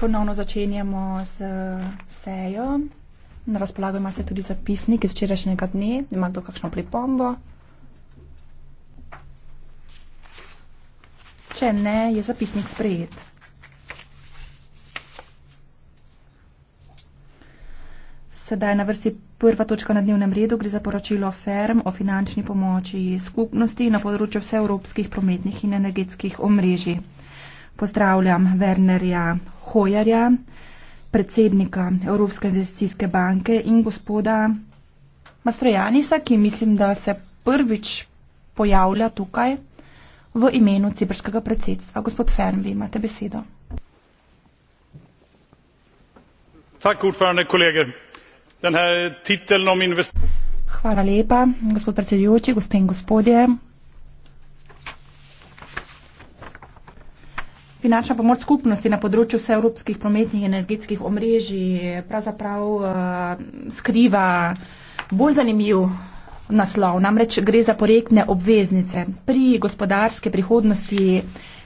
Ponovno začenjamo s sejo. Na razpolago ima se tudi zapisnik iz včerajšnjega dne. Ima to kakšno pripombo? Če ne, je zapisnik sprejet. Sedaj na vrsti prva točka na dnevnem redu gre za poročilo FERM o finančni pomoči skupnosti na področju vseevropskih prometnih in energetskih omrežij. Pozdravljam Wernerja Hojarja, predsednika Evropske investicijske banke in gospoda Mastrojanisa, ki mislim, da se prvič pojavlja tukaj v imenu ciprskega predsedstva. Gospod Fern, vi imate besedo. Hvala lepa, gospod predsedujoči, gospe in gospodje. Finančna pomoč skupnosti na področju vseevropskih prometnih in energetskih omrežij pravzaprav uh, skriva bolj zanimiv naslov, namreč gre za projektne obveznice. Pri gospodarske prihodnosti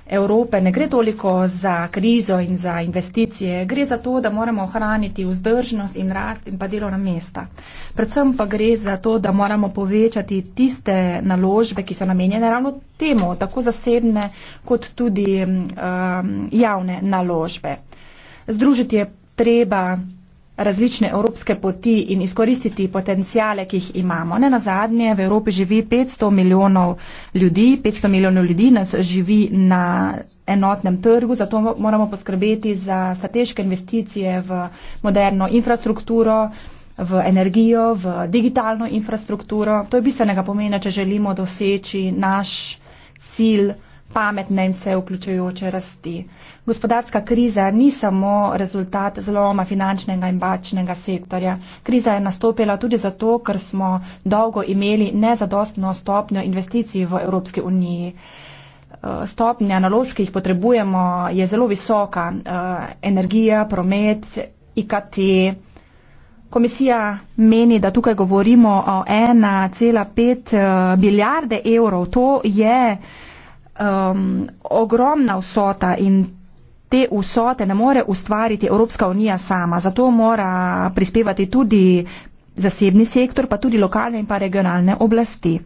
Evrope ne gre toliko za krizo in za investicije, gre za to, da moramo ohraniti vzdržnost in rast in pa delovna mesta. Predvsem pa gre za to, da moramo povečati tiste naložbe, ki so namenjene ravno temu, tako zasebne kot tudi um, javne naložbe. Združiti je treba različne evropske poti in izkoristiti potencijale, ki jih imamo. Ne na zadnje, v Evropi živi 500 milijonov ljudi, 500 milijonov ljudi nas živi na enotnem trgu, zato moramo poskrbeti za strateške investicije v moderno infrastrukturo, v energijo, v digitalno infrastrukturo. To je bistvenega pomena, če želimo doseči naš cilj pametne in vseuključujoče rasti. Gospodarska kriza ni samo rezultat zloma finančnega in bačnega sektorja. Kriza je nastopila tudi zato, ker smo dolgo imeli nezadostno stopnjo investicij v Evropski uniji. Eh, stopnja naložb, ki jih potrebujemo, je zelo visoka. Eh, energija, promet, IKT. Komisija meni, da tukaj govorimo o 1,5 eh, milijarde evrov. To je um, ogromna vsota in te vsote ne more ustvariti Evropska unija sama. Zato mora prispevati tudi zasebni sektor, pa tudi lokalne in pa regionalne oblasti.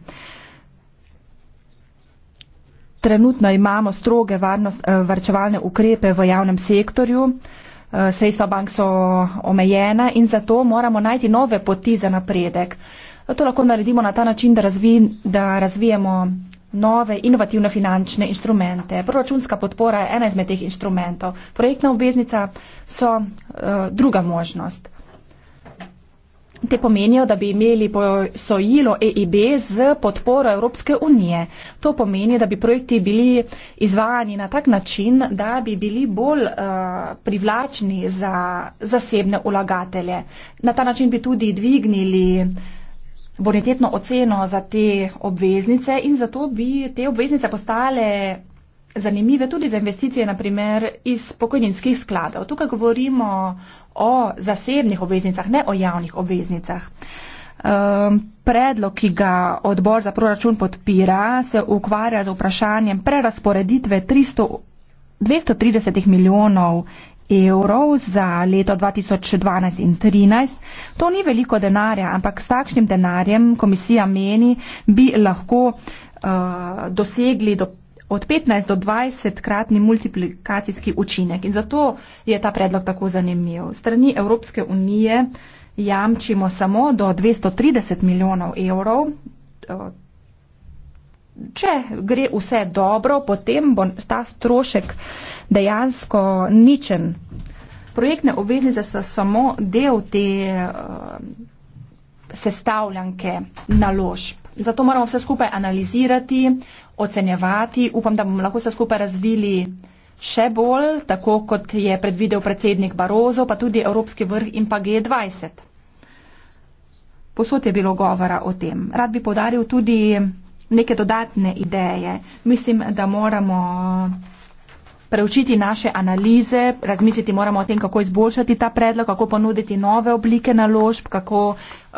Trenutno imamo stroge varnost, eh, varčevalne ukrepe v javnem sektorju, eh, sredstva bank so omejena in zato moramo najti nove poti za napredek. To lahko naredimo na ta način, da, razvij, da razvijemo nove inovativne finančne instrumente. Proračunska podpora je ena izmed teh instrumentov. Projektna obveznica so uh, druga možnost. Te pomenijo, da bi imeli posojilo EIB z podporo Evropske unije. To pomeni, da bi projekti bili izvajani na tak način, da bi bili bolj uh, privlačni za zasebne ulagatelje. Na ta način bi tudi dvignili uh, bonitetno oceno za te obveznice in zato bi te obveznice postale zanimive tudi za investicije, naprimer iz pokojninskih skladov. Tukaj govorimo o zasebnih obveznicah, ne o javnih obveznicah. Ehm, predlog, ki ga odbor za proračun podpira, se ukvarja z vprašanjem prerasporeditve 300, 230 milijonov evrov za leto 2012 in 2013. To ni veliko denarja, ampak s takšnim denarjem komisija meni, bi lahko uh, dosegli do, od 15 do 20 kratni multiplikacijski učinek. In zato je ta predlog tako zanimiv. Strani Evropske unije jamčimo samo do 230 milijonov evrov. Uh, če gre vse dobro, potem bo ta strošek dejansko ničen. Projektne obveznice so samo del te uh, sestavljanke naložb. Zato moramo vse skupaj analizirati, ocenjevati. Upam, da bomo lahko vse skupaj razvili še bolj, tako kot je predvidel predsednik Barozo, pa tudi Evropski vrh in pa G20. Posod je bilo govora o tem. Rad bi podaril tudi neke dodatne ideje. Mislim, da moramo preučiti naše analize, razmisliti moramo o tem, kako izboljšati ta predlog, kako ponuditi nove oblike naložb, kako uh,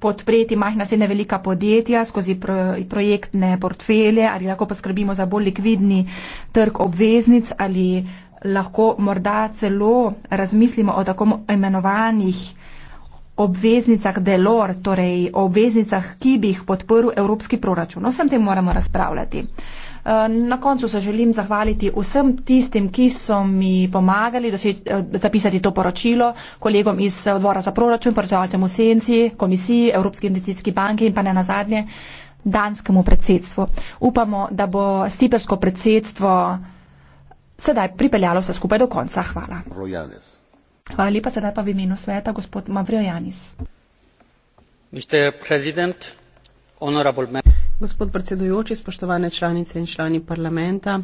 podpreti majhna srednja velika podjetja skozi pro, projektne portfelje ali lahko poskrbimo za bolj likvidni trg obveznic ali lahko morda celo razmislimo o tako imenovanih obveznicah Delor, torej obveznicah, ki bi jih podprl evropski proračun. O vsem tem moramo razpravljati. Eh, na koncu se želim zahvaliti vsem tistim, ki so mi pomagali eh, zapisati to poročilo, kolegom iz odbora za proračun, poročevalcem v Senci, komisiji, Evropski investicijski banki in pa ne nazadnje danskemu predsedstvu. Upamo, da bo sipersko predsedstvo sedaj pripeljalo vse skupaj do konca. Hvala. Rojanes. Hvala lepa, sedaj pa v imenu sveta gospod Mavrio Janis. Gospod predsedujoči, spoštovane članice in člani parlamenta,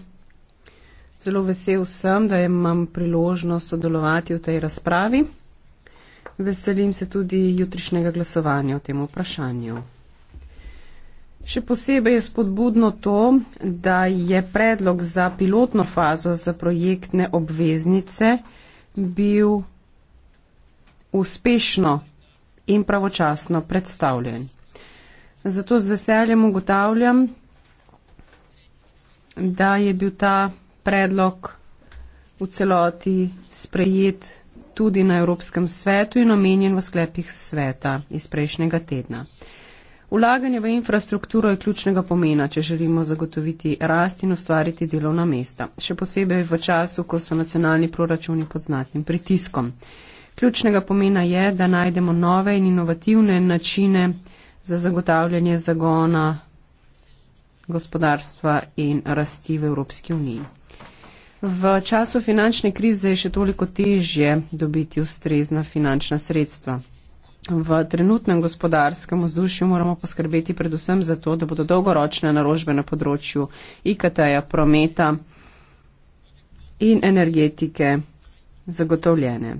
zelo vesel sem, da imam priložnost sodelovati v tej razpravi. Veselim se tudi jutrišnjega glasovanja o tem vprašanju. Še posebej je spodbudno to, da je predlog za pilotno fazo za projektne obveznice bil uspešno in pravočasno predstavljen. Zato z veseljem ugotavljam, da je bil ta predlog v celoti sprejet tudi na Evropskem svetu in omenjen v sklepih sveta iz prejšnjega tedna. Ulaganje v infrastrukturo je ključnega pomena, če želimo zagotoviti rast in ustvariti delovna mesta, še posebej v času, ko so nacionalni proračuni pod znatnim pritiskom. Ključnega pomena je, da najdemo nove in inovativne načine za zagotavljanje zagona gospodarstva in rasti v Evropski uniji. V času finančne krize je še toliko težje dobiti ustrezna finančna sredstva. V trenutnem gospodarskem vzdušju moramo poskrbeti predvsem za to, da bodo dolgoročne naložbe na področju IKT-ja, prometa in energetike zagotovljene.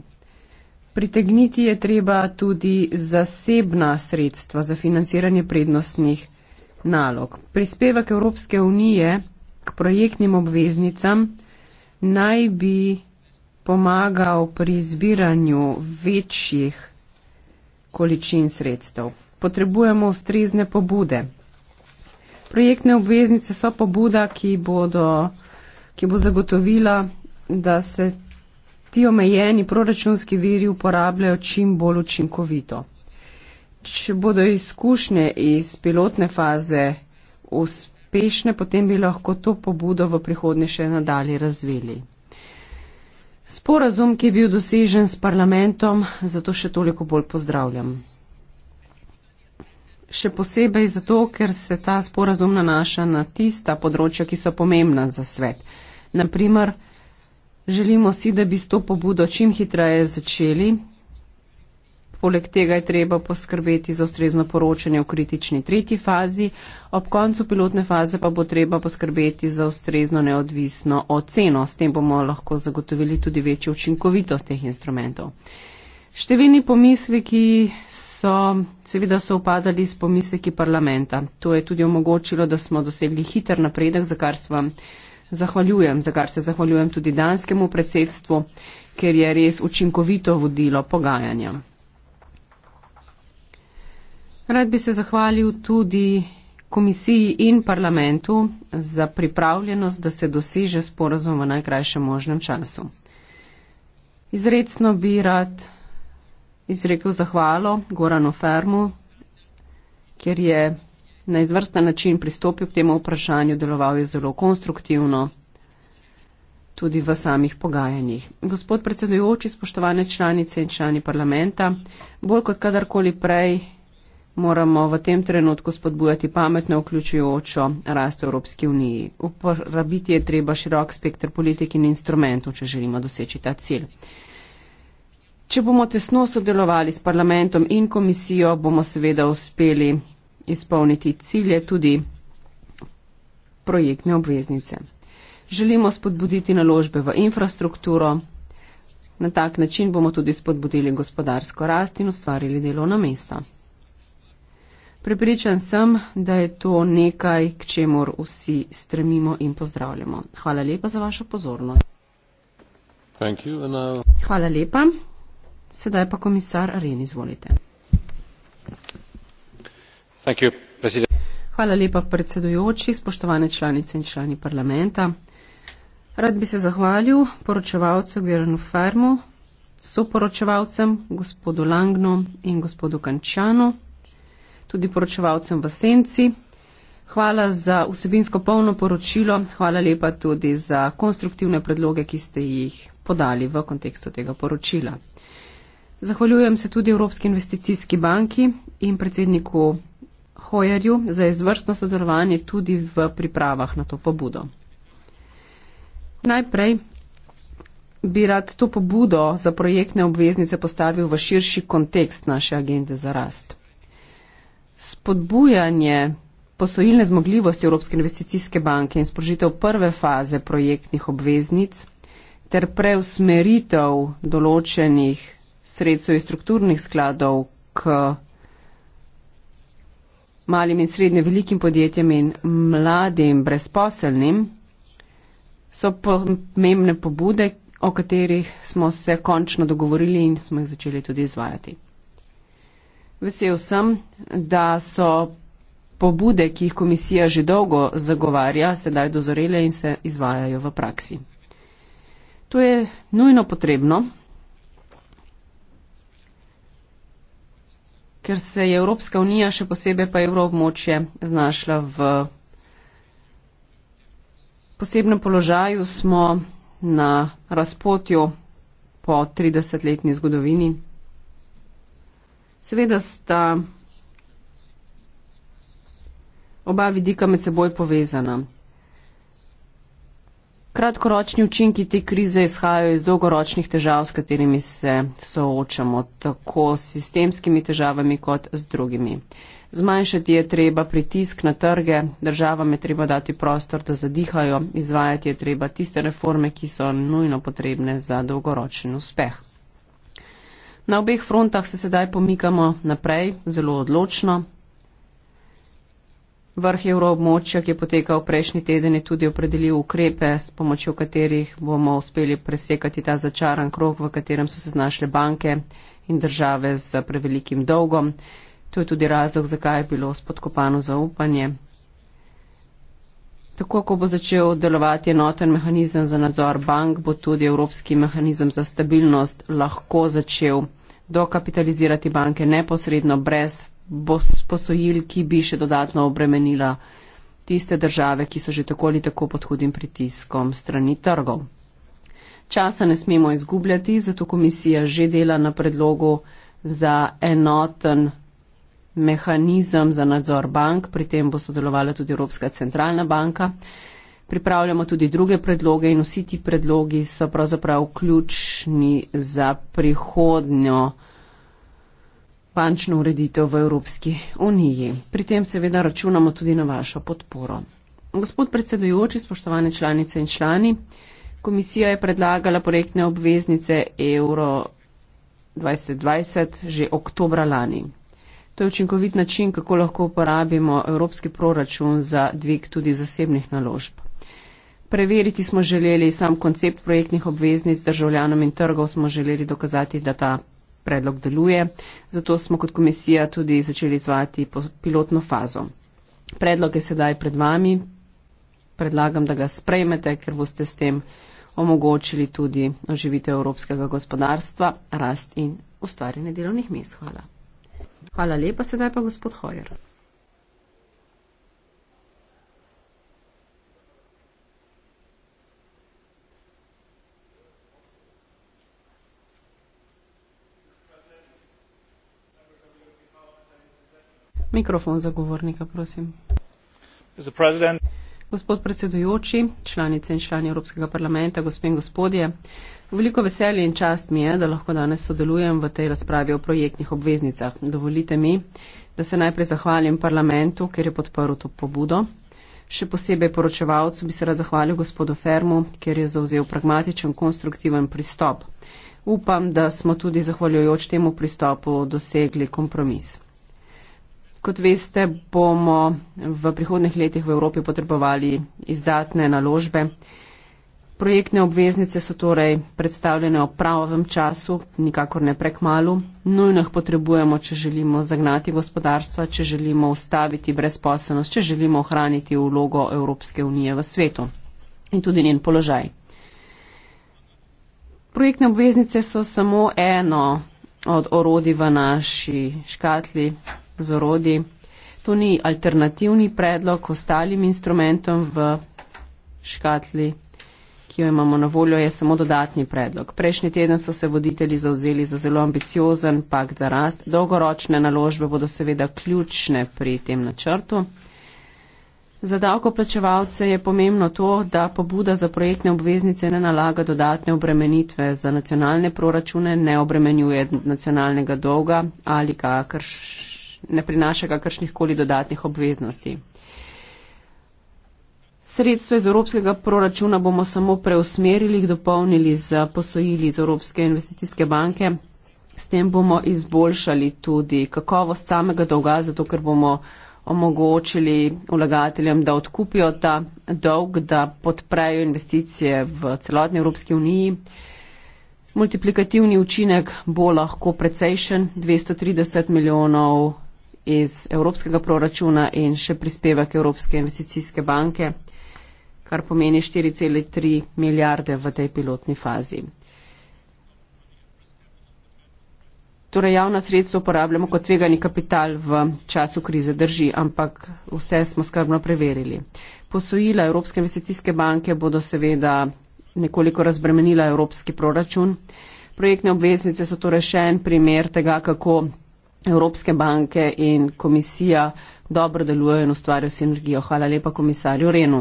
Pritegniti je treba tudi zasebna sredstva za financiranje prednostnih nalog. Prispevek Evropske unije k projektnim obveznicam naj bi pomagal pri zbiranju večjih količin sredstev. Potrebujemo ustrezne pobude. Projektne obveznice so pobuda, ki, bodo, ki bo zagotovila, da se ti omejeni proračunski viri uporabljajo čim bolj učinkovito. Če bodo izkušnje iz pilotne faze uspešne, potem bi lahko to pobudo v prihodnje še nadalje razvili. Sporazum, ki je bil dosežen s parlamentom, zato še toliko bolj pozdravljam. Še posebej zato, ker se ta sporazum nanaša na tista področja, ki so pomembna za svet. Naprimer, Želimo si, da bi s to pobudo čim hitreje začeli. Poleg tega je treba poskrbeti za ustrezno poročanje v kritični tretji fazi, ob koncu pilotne faze pa bo treba poskrbeti za ustrezno neodvisno oceno. S tem bomo lahko zagotovili tudi večjo učinkovitost teh instrumentov. Številni pomisleki so seveda so upadali s pomisleki parlamenta. To je tudi omogočilo, da smo dosegli hiter napredek, za kar smo zahvaljujem, za kar se zahvaljujem tudi danskemu predsedstvu, ker je res učinkovito vodilo pogajanja. Rad bi se zahvalil tudi komisiji in parlamentu za pripravljenost, da se doseže sporozum v najkrajšem možnem času. Izredno bi rad izrekel zahvalo Goranu Fermu, ker je na izvrsten način pristopil k temu vprašanju, deloval je zelo konstruktivno tudi v samih pogajanjih. Gospod predsedujoči, spoštovane članice in člani parlamenta, bolj kot kadarkoli prej moramo v tem trenutku spodbujati pametno vključujočo rast v Evropski uniji. Uporabiti je treba širok spektr politik in instrumentov, če želimo doseči ta cilj. Če bomo tesno sodelovali s parlamentom in komisijo, bomo seveda uspeli izpolniti cilje tudi projektne obveznice. Želimo spodbuditi naložbe v infrastrukturo, na tak način bomo tudi spodbudili gospodarsko rast in ustvarili delovna mesta. Prepričan sem, da je to nekaj, k čemur vsi stremimo in pozdravljamo. Hvala lepa za vašo pozornost. Hvala lepa. Sedaj pa komisar Aren, izvolite. Hvala lepa, predsedujoči, spoštovane članice in člani parlamenta. Rad bi se zahvalil poročevalcu Gerenu Fermu, soporočevalcem gospodu Langno in gospodu Kančanu, tudi poročevalcem v Senci. Hvala za vsebinsko polno poročilo, hvala lepa tudi za konstruktivne predloge, ki ste jih podali v kontekstu tega poročila. Zahvaljujem se tudi Evropski investicijski banki in predsedniku Hojerju za izvrstno sodelovanje tudi v pripravah na to pobudo. Najprej bi rad to pobudo za projektne obveznice postavil v širši kontekst naše agende za rast. Spodbujanje posojilne zmogljivosti Evropske investicijske banke in sprožitev prve faze projektnih obveznic ter preusmeritev določenih sredstev iz strukturnih skladov k malim in srednje velikim podjetjem in mladim brezposelnim, so pomembne pobude, o katerih smo se končno dogovorili in smo jih začeli tudi izvajati. Vesel sem, da so pobude, ki jih komisija že dolgo zagovarja, sedaj dozorele in se izvajajo v praksi. To je nujno potrebno, ker se je Evropska unija, še posebej pa evroobmočje, znašla v posebnem položaju. Smo na razpotju po 30-letni zgodovini. Seveda sta oba vidika med seboj povezana. Kratkoročni učinki te krize izhajajo iz dolgoročnih težav, s katerimi se soočamo, tako s sistemskimi težavami kot z drugimi. Zmanjšati je treba pritisk na trge, državam je treba dati prostor, da zadihajo, izvajati je treba tiste reforme, ki so nujno potrebne za dolgoročen uspeh. Na obeh frontah se sedaj pomikamo naprej, zelo odločno, Vrh evroobmočja, ki je potekal prejšnji teden, je tudi opredelil ukrepe, s pomočjo katerih bomo uspeli presekati ta začaran krok, v katerem so se znašle banke in države z prevelikim dolgom. To je tudi razlog, zakaj je bilo spodkopano zaupanje. Tako, ko bo začel delovati enoten mehanizem za nadzor bank, bo tudi Evropski mehanizem za stabilnost lahko začel dokapitalizirati banke neposredno brez bo s posojil, ki bi še dodatno obremenila tiste države, ki so že tako ali tako pod hudim pritiskom strani trgov. Časa ne smemo izgubljati, zato komisija že dela na predlogu za enoten mehanizem za nadzor bank, pri tem bo sodelovala tudi Evropska centralna banka. Pripravljamo tudi druge predloge in vsi ti predlogi so pravzaprav ključni za prihodnjo bančno ureditev v Evropski uniji. Pri tem seveda računamo tudi na vašo podporo. Gospod predsedujoči, spoštovane članice in člani, komisija je predlagala projektne obveznice Euro 2020 že oktobra lani. To je učinkovit način, kako lahko uporabimo evropski proračun za dvig tudi zasebnih naložb. Preveriti smo želeli sam koncept projektnih obveznic državljanom in trgov, smo želeli dokazati, da ta predlog deluje, zato smo kot komisija tudi začeli izvati pilotno fazo. Predlog je sedaj pred vami, predlagam, da ga sprejmete, ker boste s tem omogočili tudi oživitev evropskega gospodarstva, rast in ustvarjanje delovnih mest. Hvala. Hvala lepa, sedaj pa gospod Hojer. Mikrofon zagovornika, prosim. Gospod predsedujoči, članice in člani Evropskega parlamenta, gospe in gospodje, veliko veselje in čast mi je, da lahko danes sodelujem v tej razpravi o projektnih obveznicah. Dovolite mi, da se najprej zahvalim parlamentu, ker je podporil to pobudo. Še posebej poročevalcu bi se rad zahvalil gospodu Fermu, ker je zauzel pragmatičen, konstruktiven pristop. Upam, da smo tudi zahvaljujoč temu pristopu dosegli kompromis. Kot veste, bomo v prihodnih letih v Evropi potrebovali izdatne naložbe. Projektne obveznice so torej predstavljene v pravem času, nikakor ne prek malu. Nujno jih potrebujemo, če želimo zagnati gospodarstva, če želimo ustaviti brezposelnost, če želimo ohraniti vlogo Evropske unije v svetu in tudi njen položaj. Projektne obveznice so samo eno od orodij v naši škatli, z orodji. To ni alternativni predlog ostalim instrumentom v škatli, ki jo imamo na voljo, je samo dodatni predlog. Prejšnji teden so se voditelji zauzeli za zelo ambiciozen pakt za rast. Dolgoročne naložbe bodo seveda ključne pri tem načrtu. Za davkoplačevalce je pomembno to, da pobuda za projektne obveznice ne nalaga dodatne obremenitve za nacionalne proračune, ne obremenjuje nacionalnega dolga ali kakršnega ne prinaša kakršnih koli dodatnih obveznosti. Sredstva iz evropskega proračuna bomo samo preusmerili, jih dopolnili z posojili iz Evropske investicijske banke. S tem bomo izboljšali tudi kakovost samega dolga, zato ker bomo omogočili vlagateljem, da odkupijo ta dolg, da podprejo investicije v celotni Evropski uniji. Multiplikativni učinek bo lahko precejšen, 230 milijonov iz evropskega proračuna in še prispevek Evropske investicijske banke, kar pomeni 4,3 milijarde v tej pilotni fazi. Torej javna sredstva uporabljamo kot tvegani kapital v času krize drži, ampak vse smo skrbno preverili. Posojila Evropske investicijske banke bodo seveda nekoliko razbremenila evropski proračun. Projektne obveznice so torej še en primer tega, kako Evropske banke in komisija dobro delujejo in ustvarjajo sinergijo. Hvala lepa komisarju Renu.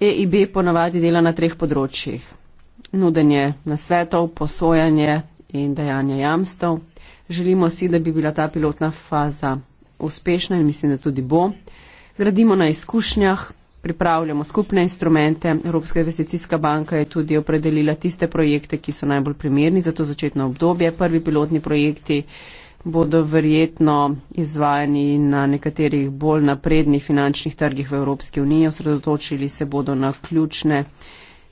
EIB ponavadi dela na treh področjih. Nudenje nasvetov, posojanje in dajanje jamstev. Želimo si, da bi bila ta pilotna faza uspešna in mislim, da tudi bo. Gradimo na izkušnjah, pripravljamo skupne instrumente. Evropska investicijska banka je tudi opredelila tiste projekte, ki so najbolj primerni za to začetno obdobje. Prvi pilotni projekti bodo verjetno izvajani na nekaterih bolj naprednih finančnih trgih v Evropski uniji. Osredotočili se bodo na ključne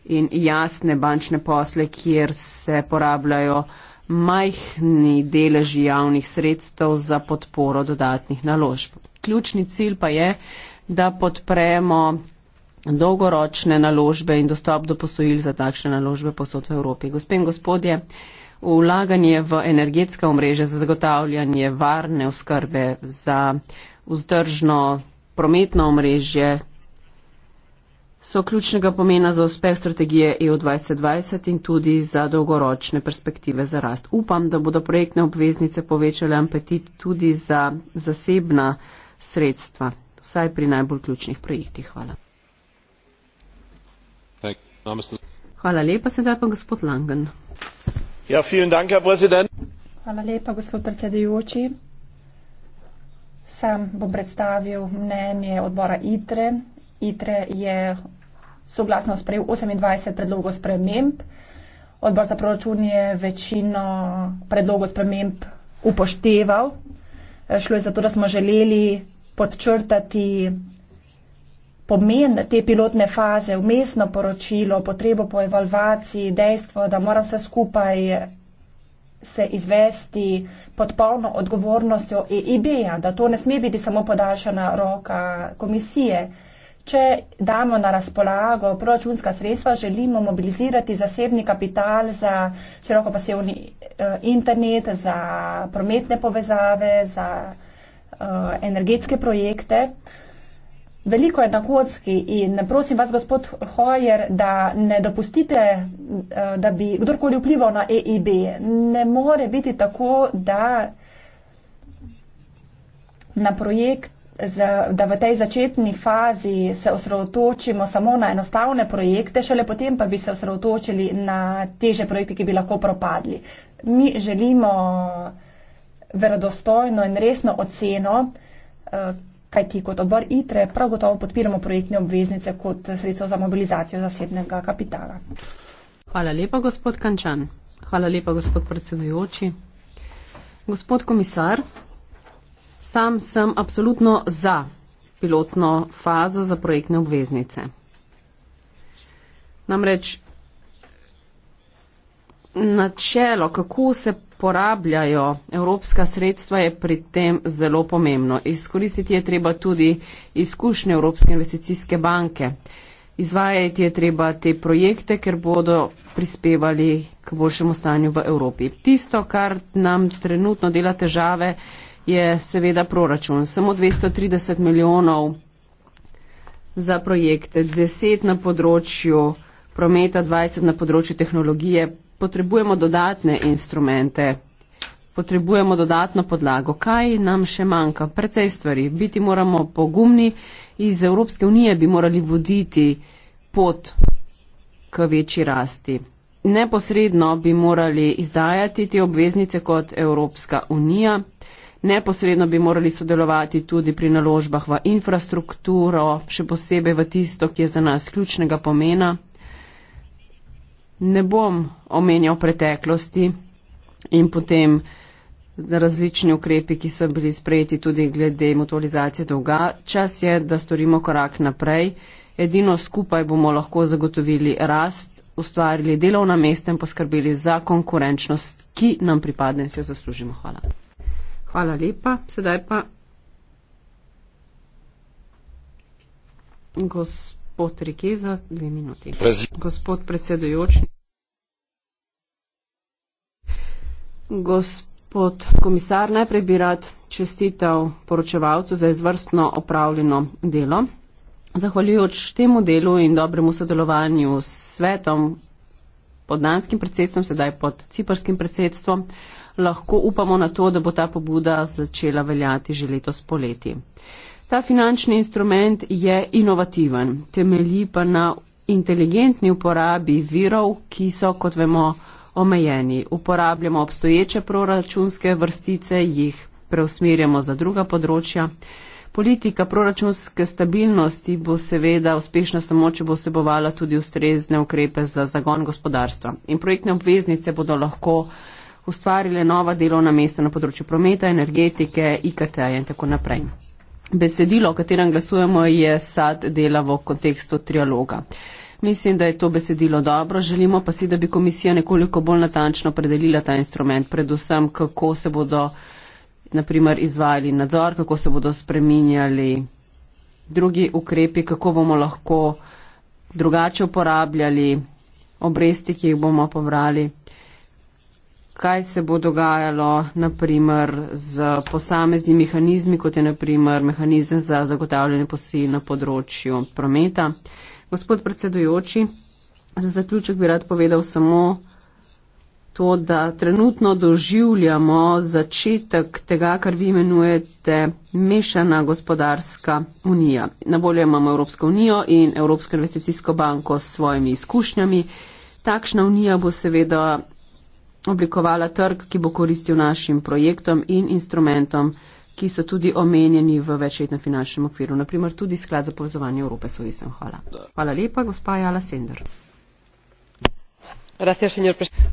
in jasne bančne posle, kjer se porabljajo majhni deleži javnih sredstev za podporo dodatnih naložb. Ključni cilj pa je, da podpremo dolgoročne naložbe in dostop do posojil za takšne naložbe posod v Evropi. Gospe in gospodje, vlaganje v energetska omrežja za zagotavljanje varne oskrbe, za vzdržno prometno omrežje so ključnega pomena za uspeh strategije EU 2020 in tudi za dolgoročne perspektive za rast. Upam, da bodo projektne obveznice povečale apetit tudi za zasebna sredstva, vsaj pri najbolj ključnih projektih. Hvala. No, Hvala lepa, sedaj pa gospod Langen. Ja, Hvala lepa, gospod predsedujoči. Sam bom predstavil mnenje odbora ITRE. ITRE je soglasno sprejel 28 predlogov sprememb. Odbor za proračun je večino predlogov sprememb upošteval. Šlo je za to, da smo želeli podčrtati pomen te pilotne faze, umestno poročilo, potrebo po evalvaciji, dejstvo, da mora vse skupaj se izvesti pod polno odgovornostjo in e ideja, da to ne sme biti samo podaljšana roka komisije. Če damo na razpolago proračunska sredstva, želimo mobilizirati zasebni kapital za široko pasivni eh, internet, za prometne povezave, za uh, energetske projekte. Uh, Veliko je na kocki in prosim vas, gospod Hojer, da ne dopustite, eh, da bi kdorkoli vplival na EIB. Ne more biti tako, da, na projekt, da v tej začetni fazi se osredotočimo samo na enostavne projekte, šele potem pa bi se osredotočili na teže projekte, ki bi lahko propadli. Mi želimo verodostojno in resno oceno eh, Kaj ti kot obr ITRE prav gotovo podpiramo projektne obveznice kot sredstvo za mobilizacijo zasebnega kapitala. Hvala lepa, gospod Kančan. Hvala lepa, gospod predsedujoči. Gospod komisar, sam sem absolutno za pilotno fazo za projektne obveznice. Namreč načelo, kako se porabljajo evropska sredstva, je pri tem zelo pomembno. Izkoristiti je treba tudi izkušnje Evropske investicijske banke. Izvajati je treba te projekte, ker bodo prispevali k boljšemu stanju v Evropi. Tisto, kar nam trenutno dela težave, je seveda proračun. Samo 230 milijonov za projekte, 10 na področju prometa, 20 na področju tehnologije, potrebujemo dodatne instrumente, potrebujemo dodatno podlago. Kaj nam še manjka? Precej stvari. Biti moramo pogumni, iz Evropske unije bi morali voditi pot k večji rasti. Neposredno bi morali izdajati te obveznice kot Evropska unija, neposredno bi morali sodelovati tudi pri naložbah v infrastrukturo, še posebej v tisto, ki je za nas ključnega pomena ne bom omenjal preteklosti in potem različni ukrepi, ki so bili sprejeti tudi glede mutualizacije dolga. Čas je, da storimo korak naprej. Edino skupaj bomo lahko zagotovili rast, ustvarili delovna mesta in poskrbeli za konkurenčnost, ki nam pripadne in si jo zaslužimo. Hvala. Hvala lepa. Sedaj pa. Gospod gospod Rike za dve minuti. Prezi. Gospod predsedujoči. Gospod komisar, najprej bi rad čestital poročevalcu za izvrstno opravljeno delo. Zahvaljujoč temu delu in dobremu sodelovanju s svetom pod danskim predsedstvom, sedaj pod ciparskim predsedstvom, lahko upamo na to, da bo ta pobuda začela veljati že letos poleti. Ta finančni instrument je inovativen, temelji pa na inteligentni uporabi virov, ki so, kot vemo, omejeni. Uporabljamo obstoječe proračunske vrstice, jih preusmerjamo za druga področja. Politika proračunske stabilnosti bo seveda uspešna samo, če bo vsebovala tudi ustrezne ukrepe za zagon gospodarstva. In projektne obveznice bodo lahko ustvarile nova delovna mesta na področju prometa, energetike, IKT in tako naprej. Besedilo, o katerem glasujemo, je sad delavo v kontekstu trialoga. Mislim, da je to besedilo dobro, želimo pa si, da bi komisija nekoliko bolj natančno predelila ta instrument, predvsem kako se bodo naprimer izvajali nadzor, kako se bodo spreminjali drugi ukrepi, kako bomo lahko drugače uporabljali obresti, ki jih bomo povrali kaj se bo dogajalo naprimer z posamezni mehanizmi, kot je naprimer mehanizem za zagotavljanje posil na področju prometa. Gospod predsedujoči, za zaključek bi rad povedal samo to, da trenutno doživljamo začetek tega, kar vi imenujete mešana gospodarska unija. Na voljo imamo Evropsko unijo in Evropsko investicijsko banko s svojimi izkušnjami. Takšna unija bo seveda oblikovala trg, ki bo koristil našim projektom in instrumentom, ki so tudi omenjeni v večletnem finančnem okviru, naprimer tudi sklad za povezovanje Evrope s Ovisem. Hvala. Hvala lepa, gospa Jala Sender.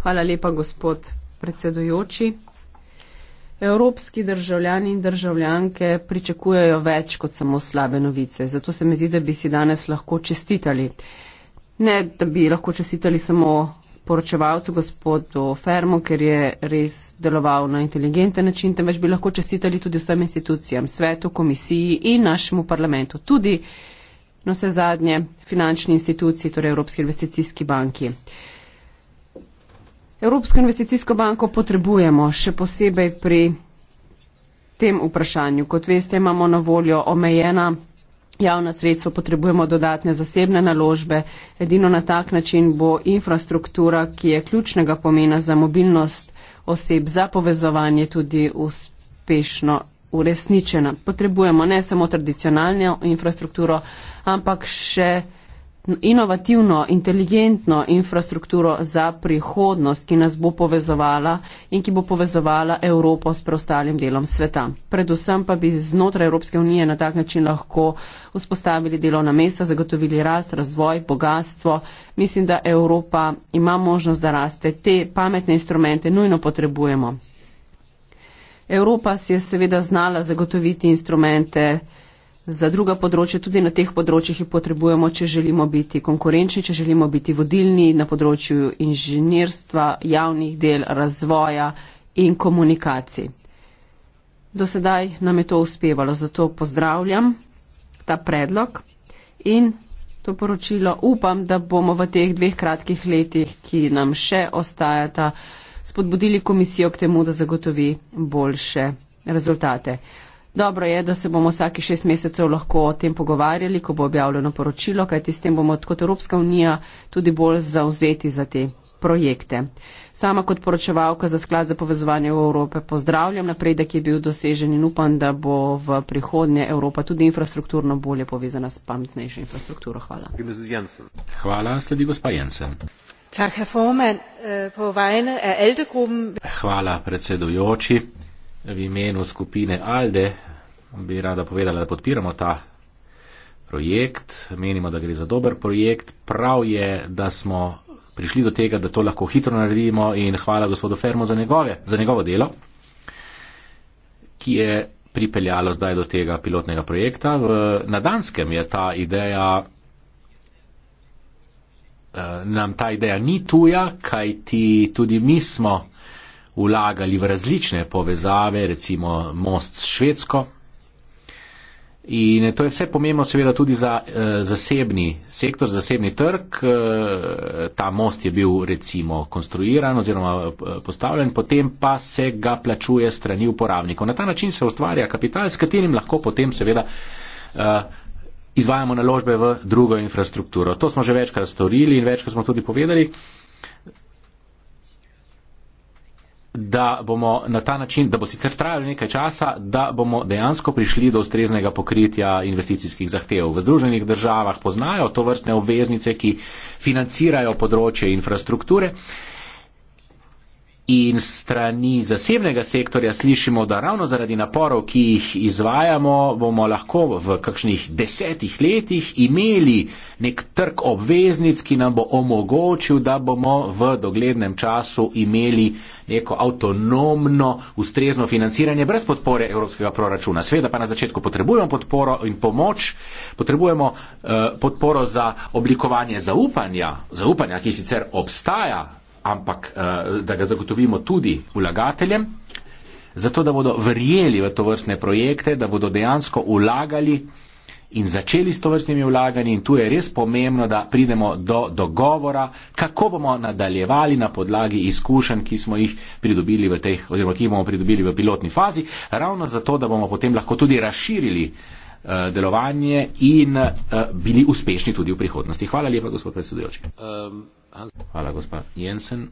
Hvala lepa, gospod predsedujoči. Evropski državljani in državljanke pričakujejo več kot samo slabe novice, zato se mi zdi, da bi si danes lahko čestitali. Ne, da bi lahko čestitali samo poročevalcu gospodu Fermu, ker je res deloval na inteligenten način, temveč bi lahko čestitali tudi vsem institucijam, svetu, komisiji in našemu parlamentu, tudi na vse zadnje finančni instituciji, torej Evropski investicijski banki. Evropsko investicijsko banko potrebujemo še posebej pri tem vprašanju. Kot veste, imamo na voljo omejena javna sredstva, potrebujemo dodatne zasebne naložbe. Edino na tak način bo infrastruktura, ki je ključnega pomena za mobilnost oseb, za povezovanje tudi uspešno uresničena. Potrebujemo ne samo tradicionalno infrastrukturo, ampak še inovativno, inteligentno infrastrukturo za prihodnost, ki nas bo povezovala in ki bo povezovala Evropo s preostalim delom sveta. Predvsem pa bi znotraj Evropske unije na tak način lahko vzpostavili delovna mesta, zagotovili rast, razvoj, bogatstvo. Mislim, da Evropa ima možnost, da raste. Te pametne instrumente nujno potrebujemo. Evropa si je seveda znala zagotoviti instrumente, za druga področja, tudi na teh področjih jih potrebujemo, če želimo biti konkurenčni, če želimo biti vodilni na področju inženirstva, javnih del, razvoja in komunikacij. Do sedaj nam je to uspevalo, zato pozdravljam ta predlog in to poročilo. Upam, da bomo v teh dveh kratkih letih, ki nam še ostajata, spodbudili komisijo k temu, da zagotovi boljše rezultate. Dobro je, da se bomo vsaki šest mesecev lahko o tem pogovarjali, ko bo objavljeno poročilo, kajti s tem bomo kot Evropska unija tudi bolj zauzeti za te projekte. Sama kot poročevalka za sklad za povezovanje v Evrope pozdravljam napredek, ki je bil dosežen in upam, da bo v prihodnje Evropa tudi infrastrukturno bolje povezana s pametnejšo infrastrukturo. Hvala. Hvala, sledi gospa Jensen. Tak, herr Forman, øh, po vajne, er Eldegruben. Hvala, predsedujoči v imenu skupine Alde bi rada povedala, da podpiramo ta projekt, menimo, da gre za dober projekt. Prav je, da smo prišli do tega, da to lahko hitro naredimo in hvala gospodu Fermo za, njegove, za njegovo delo, ki je pripeljalo zdaj do tega pilotnega projekta. V, na Danskem je ta ideja. Eh, nam ta ideja ni tuja, kajti tudi mi smo vlagali v različne povezave, recimo most s Švedsko. In to je vse pomembno seveda tudi za eh, zasebni sektor, zasebni trg. Eh, ta most je bil recimo konstruiran oziroma eh, postavljen, potem pa se ga plačuje strani uporabnikov. Na ta način se ustvarja kapital, s katerim lahko potem seveda eh, izvajamo naložbe v drugo infrastrukturo. To smo že večkrat storili in večkrat smo tudi povedali. Eh, da bomo na ta način, da bo sicer trajalo nekaj časa, da bomo dejansko prišli do ustreznega pokritja investicijskih zahtev. V Združenih državah poznajo to vrstne obveznice, ki financirajo področje infrastrukture. In strani zasebnega sektorja slišimo, da ravno zaradi naporov, ki jih izvajamo, bomo lahko v kakšnih desetih letih imeli nek trg obveznic, ki nam bo omogočil, da bomo v doglednem času imeli neko avtonomno, ustrezno financiranje brez podpore evropskega proračuna. Sveda pa na začetku potrebujemo podporo in pomoč, potrebujemo eh, podporo za oblikovanje zaupanja, zaupanja, ki sicer obstaja ampak eh, da ga zagotovimo tudi vlagateljem. Zato, da bodo verjeli v to vrstne projekte, da bodo dejansko vlagali in začeli s to vrstnimi vlaganji in tu je res pomembno, da pridemo do dogovora, kako bomo nadaljevali na podlagi izkušenj, ki smo jih pridobili v teh oziroma ki bomo pridobili v pilotni fazi, ravno zato, da bomo potem lahko tudi razširili uh, delovanje in uh, bili uspešni tudi v prihodnosti. Hvala lepa, gospod predsedujoči. Um. Hvala, gospa Jensen.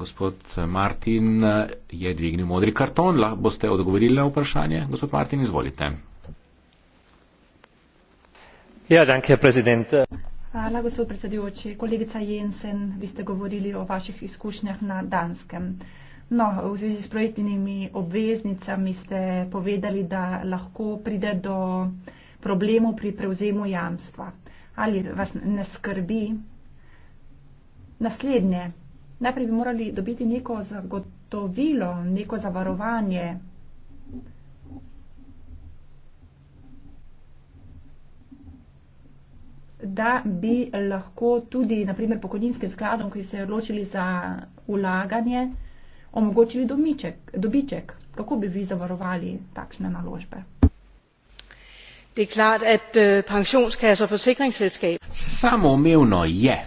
Gospod eh, Martin eh, je dvignil modri karton. Lahko boste odgovorili na vprašanje. Gospod Martin, izvolite. Ja, danke, predsednik. Hvala, gospod predsedujoči. Kolegica Jensen, vi ste govorili o vaših izkušnjah na Danskem. No, v zvezi s projektnimi obveznicami ste povedali, da lahko pride do problemov pri prevzemu jamstva. Ali vas ne skrbi, Naslednje. Najprej bi morali dobiti neko zagotovilo, neko zavarovanje. da bi lahko tudi, naprimer, pokojninskim skladom, ki se je odločili za ulaganje, omogočili domiček, dobiček. Kako bi vi zavarovali takšne naložbe? Det er klart, at øh, pensionskasser og forsikringsselskaber. Samoumevno je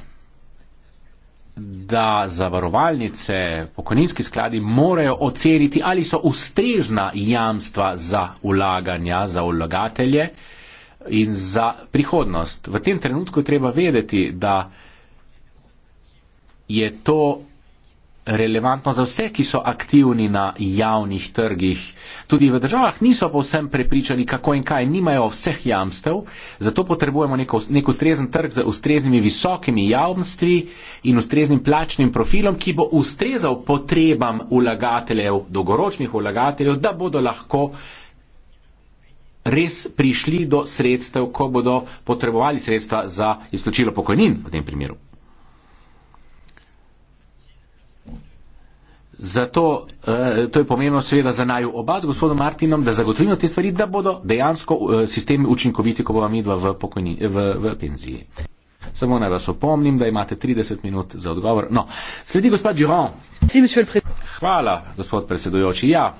da zavarovalnice, pokojninski skladi morajo oceniti, ali so ustrezna jamstva za ulaganja, za ulagatelje in za prihodnost. V tem trenutku je treba vedeti, da je to relevantno za vse, ki so aktivni na javnih trgih. Tudi v državah niso povsem prepričani, kako in kaj, nimajo vseh jamstev, zato potrebujemo neko, nek ustrezen trg z ustreznimi visokimi jamstvi in ustreznim plačnim profilom, ki bo ustrezal potrebam ulagateljev, dolgoročnih ulagateljev, da bodo lahko res prišli do sredstev, ko bodo potrebovali sredstva za izplačilo pokojnin v tem primeru. Zato eh, to je pomembno seveda za naju oba z gospodom Martinom, da zagotovimo te stvari, da bodo dejansko eh, sistemi učinkoviti, ko bova midva v, pokojni, v, v penziji. Samo naj vas opomnim, da imate 30 minut za odgovor. No, sledi gospod Durand. Hvala, gospod predsedujoči. Ja,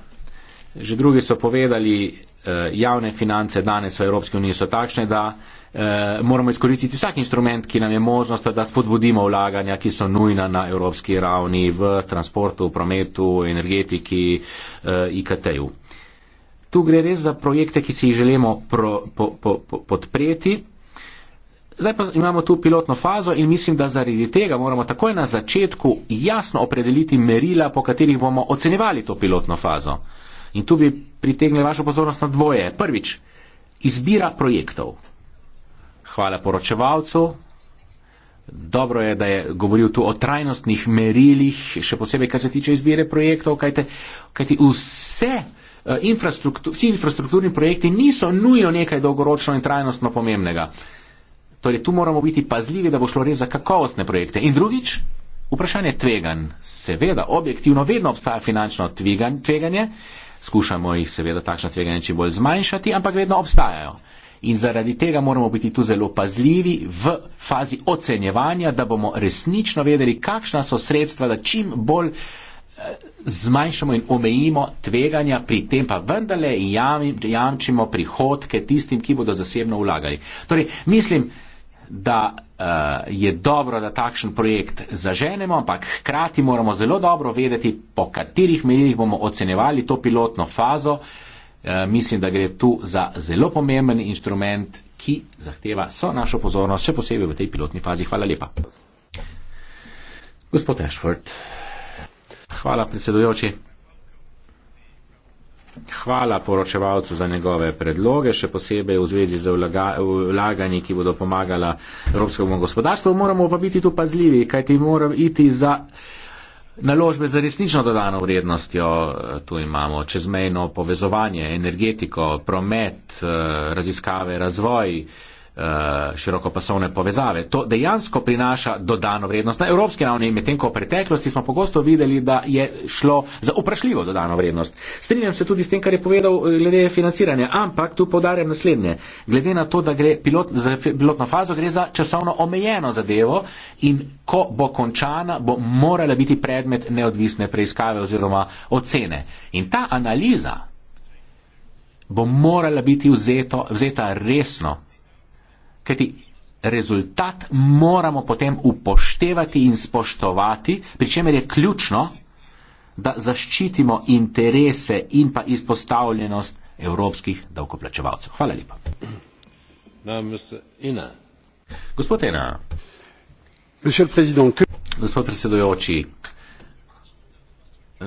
že drugi so povedali, eh, javne finance danes v Evropski uniji so takšne, da eh, moramo izkoristiti vsak instrument, ki nam je možnost, da spodbudimo vlaganja, ki so nujna na evropski ravni v transportu, prometu, energetiki, eh, IKT-ju. Tu gre res za projekte, ki si jih želimo pro, po, po, po, podpreti. Zdaj pa imamo tu pilotno fazo in mislim, da zaradi tega moramo takoj na začetku jasno opredeliti merila, po katerih bomo ocenjevali to pilotno fazo. In tu bi pritegnili vašo pozornost na dvoje. Prvič, izbira projektov hvala poročevalcu. Dobro je, da je govoril tu o trajnostnih merilih, še posebej, kar se tiče izbire projektov, kajte, kajte vse eh, infrastruktur, vsi infrastrukturni projekti niso nujno nekaj dolgoročno in trajnostno pomembnega. Torej, tu moramo biti pazljivi, da bo šlo res za kakovostne projekte. In drugič, vprašanje tvegan. Seveda, objektivno vedno obstaja finančno tveganje, skušamo jih seveda takšna tveganja čim bolj zmanjšati, ampak vedno obstajajo in zaradi tega moramo biti tu zelo pazljivi v fazi ocenjevanja, da bomo resnično vedeli, kakšna so sredstva, da čim bolj eh, zmanjšamo in omejimo tveganja, pri tem pa vendarle jam, jamčimo prihodke tistim, ki bodo zasebno vlagali. Torej, mislim, da uh, je dobro, da takšen projekt zaženemo, ampak hkrati moramo zelo dobro vedeti, po katerih merilih bomo ocenjevali to pilotno fazo, uh, Eh, mislim, da gre tu za zelo pomemben instrument, ki zahteva vso našo pozornost, še posebej v tej pilotni fazi. Hvala lepa. Gospod Ashford. Hvala predsedujoči. Hvala poročevalcu za njegove predloge, še posebej v zvezi z vlaganji, ki bodo pomagala evropskemu gospodarstvu. Moramo pa biti tu pazljivi, kajti moramo iti za. Naložbe z resnično dodano vrednostjo, eh, tu imamo čezmejno povezovanje, energetiko, promet, eh, raziskave, razvoj, Eh, širokopasovne povezave. To dejansko prinaša dodano vrednost na evropski ravni, medtem ko v preteklosti smo pogosto videli, da je šlo za vprašljivo dodano vrednost. Strinjam se tudi s tem, kar je povedal eh, glede financiranja, ampak tu podarjam naslednje. Glede na to, da gre pilot, za pilotno fazo, gre za časovno omejeno zadevo in ko bo končana, bo morala biti predmet neodvisne preiskave oziroma ocene. In ta analiza bo morala biti vzeto, vzeta resno Kajti rezultat moramo potem upoštevati in spoštovati, pri čemer je ključno, da zaščitimo interese in pa izpostavljenost evropskih davkoplačevalcev. Hvala lepa. Gospod Ena. Gospod predsedujoči,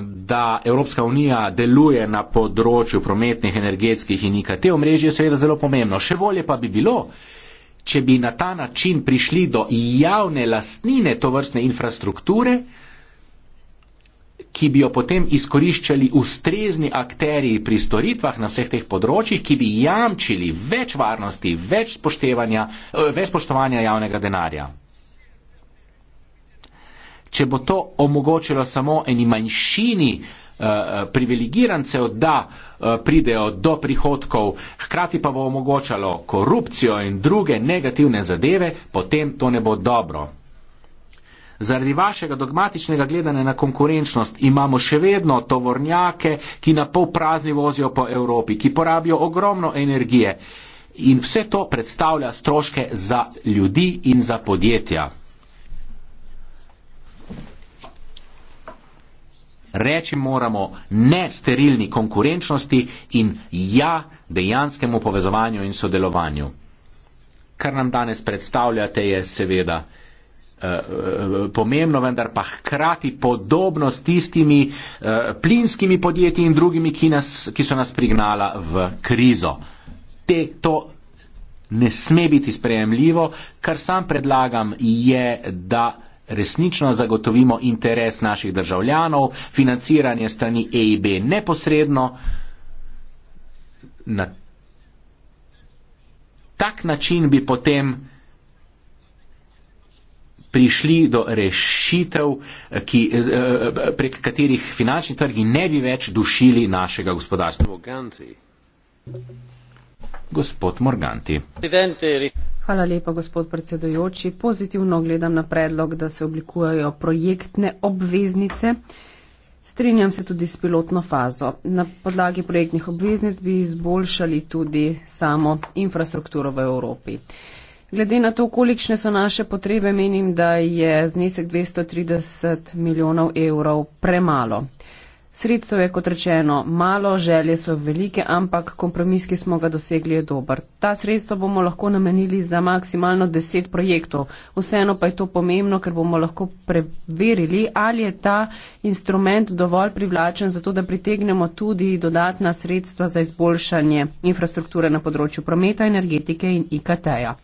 da Evropska unija deluje na področju prometnih, energetskih in IKT omrežij je seveda zelo pomembno. Še bolje pa bi bilo, če bi na ta način prišli do javne lastnine tovrstne infrastrukture, ki bi jo potem izkoriščali ustrezni akteri pri storitvah na vseh teh področjih, ki bi jamčili več varnosti, več, eh, več spoštovanja javnega denarja. Če bo to omogočilo samo eni manjšini, Eh, privilegirancev, da eh, pridejo do prihodkov, hkrati pa bo omogočalo korupcijo in druge negativne zadeve, potem to ne bo dobro. Zaradi vašega dogmatičnega gledanja na konkurenčnost imamo še vedno tovornjake, ki na pol prazni vozijo po Evropi, ki porabijo ogromno energije in vse to predstavlja stroške za ljudi in za podjetja. reči moramo ne sterilni konkurenčnosti in ja dejanskemu povezovanju in sodelovanju. Kar nam danes predstavljate, je seveda eh, eh, pomembno, vendar pa hkrati podobno s tistimi eh, plinskimi podjetji in drugimi, ki, nas, ki so nas prignala v krizo. Te, to ne sme biti sprejemljivo, kar sam predlagam je, da resnično zagotovimo interes naših državljanov, financiranje strani EIB neposredno. Na tak način bi potem prišli do rešitev, ki, eh, eh, prek katerih finančni trgi ne bi več dušili našega gospodarstva. Gospod Morganti. Hvala lepa, gospod predsedujoči. Pozitivno gledam na predlog, da se oblikujejo projektne obveznice. Strinjam se tudi s pilotno fazo. Na podlagi projektnih obveznic bi izboljšali tudi samo infrastrukturo v Evropi. Glede na to, kolikšne so naše potrebe, menim, da je znesek 230 milijonov evrov premalo. Sredstvo je, kot rečeno, malo, želje so velike, ampak kompromis, ki smo ga dosegli, je dober. Ta sredstva bomo lahko namenili za maksimalno deset projektov. Vseeno pa je to pomembno, ker bomo lahko preverili, ali je ta instrument dovolj privlačen za to, da pritegnemo tudi dodatna sredstva za izboljšanje infrastrukture na področju prometa, energetike in IKT-ja.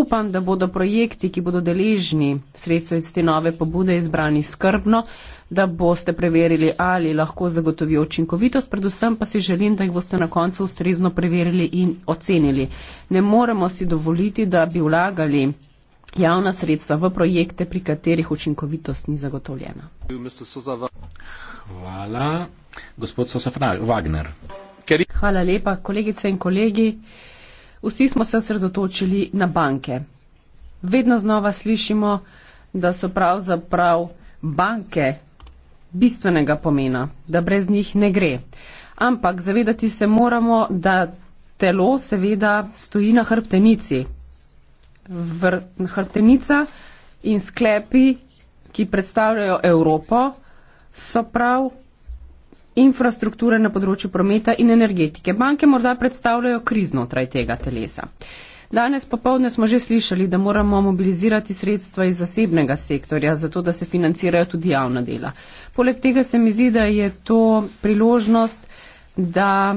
Upam, da bodo projekti, ki bodo deležni sredstva iz te nove pobude, izbrani skrbno da boste preverili, ali lahko zagotovijo učinkovitost, predvsem pa si želim, da jih boste na koncu ustrezno preverili in ocenili. Ne moremo si dovoliti, da bi vlagali javna sredstva v projekte, pri katerih učinkovitost ni zagotovljena. Hvala. Gospod Sosafraj, Wagner. Hvala lepa, kolegice in kolegi. Vsi smo se osredotočili na banke. Vedno znova slišimo, da so pravzaprav banke bistvenega pomena, da brez njih ne gre. Ampak zavedati se moramo, da telo seveda stoji na hrbtenici. Vr hrbtenica in sklepi, ki predstavljajo Evropo, so prav infrastrukture na področju prometa in energetike. Banke morda predstavljajo krizno traj tega telesa. Uh, Danes popovdne smo že slišali, da moramo mobilizirati sredstva iz zasebnega sektorja, zato da se financirajo tudi javna dela. Poleg tega se mi zdi, da je to priložnost, da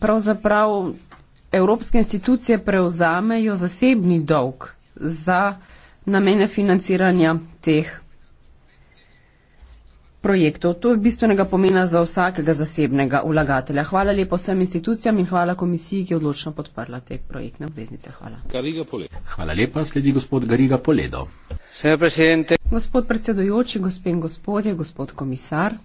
pravzaprav evropske institucije prevzamejo zasebni dolg za namene financiranja teh projektov. To je bistvenega pomena za vsakega zasebnega vlagatelja. Hvala lepo vsem institucijam in hvala komisiji, ki je odločno podprla te projektne obveznice. Hvala. Hvala lepa, sledi gospod Gariga Poledo. Gospod predsedujoči, gospe in gospodje, gospod komisar.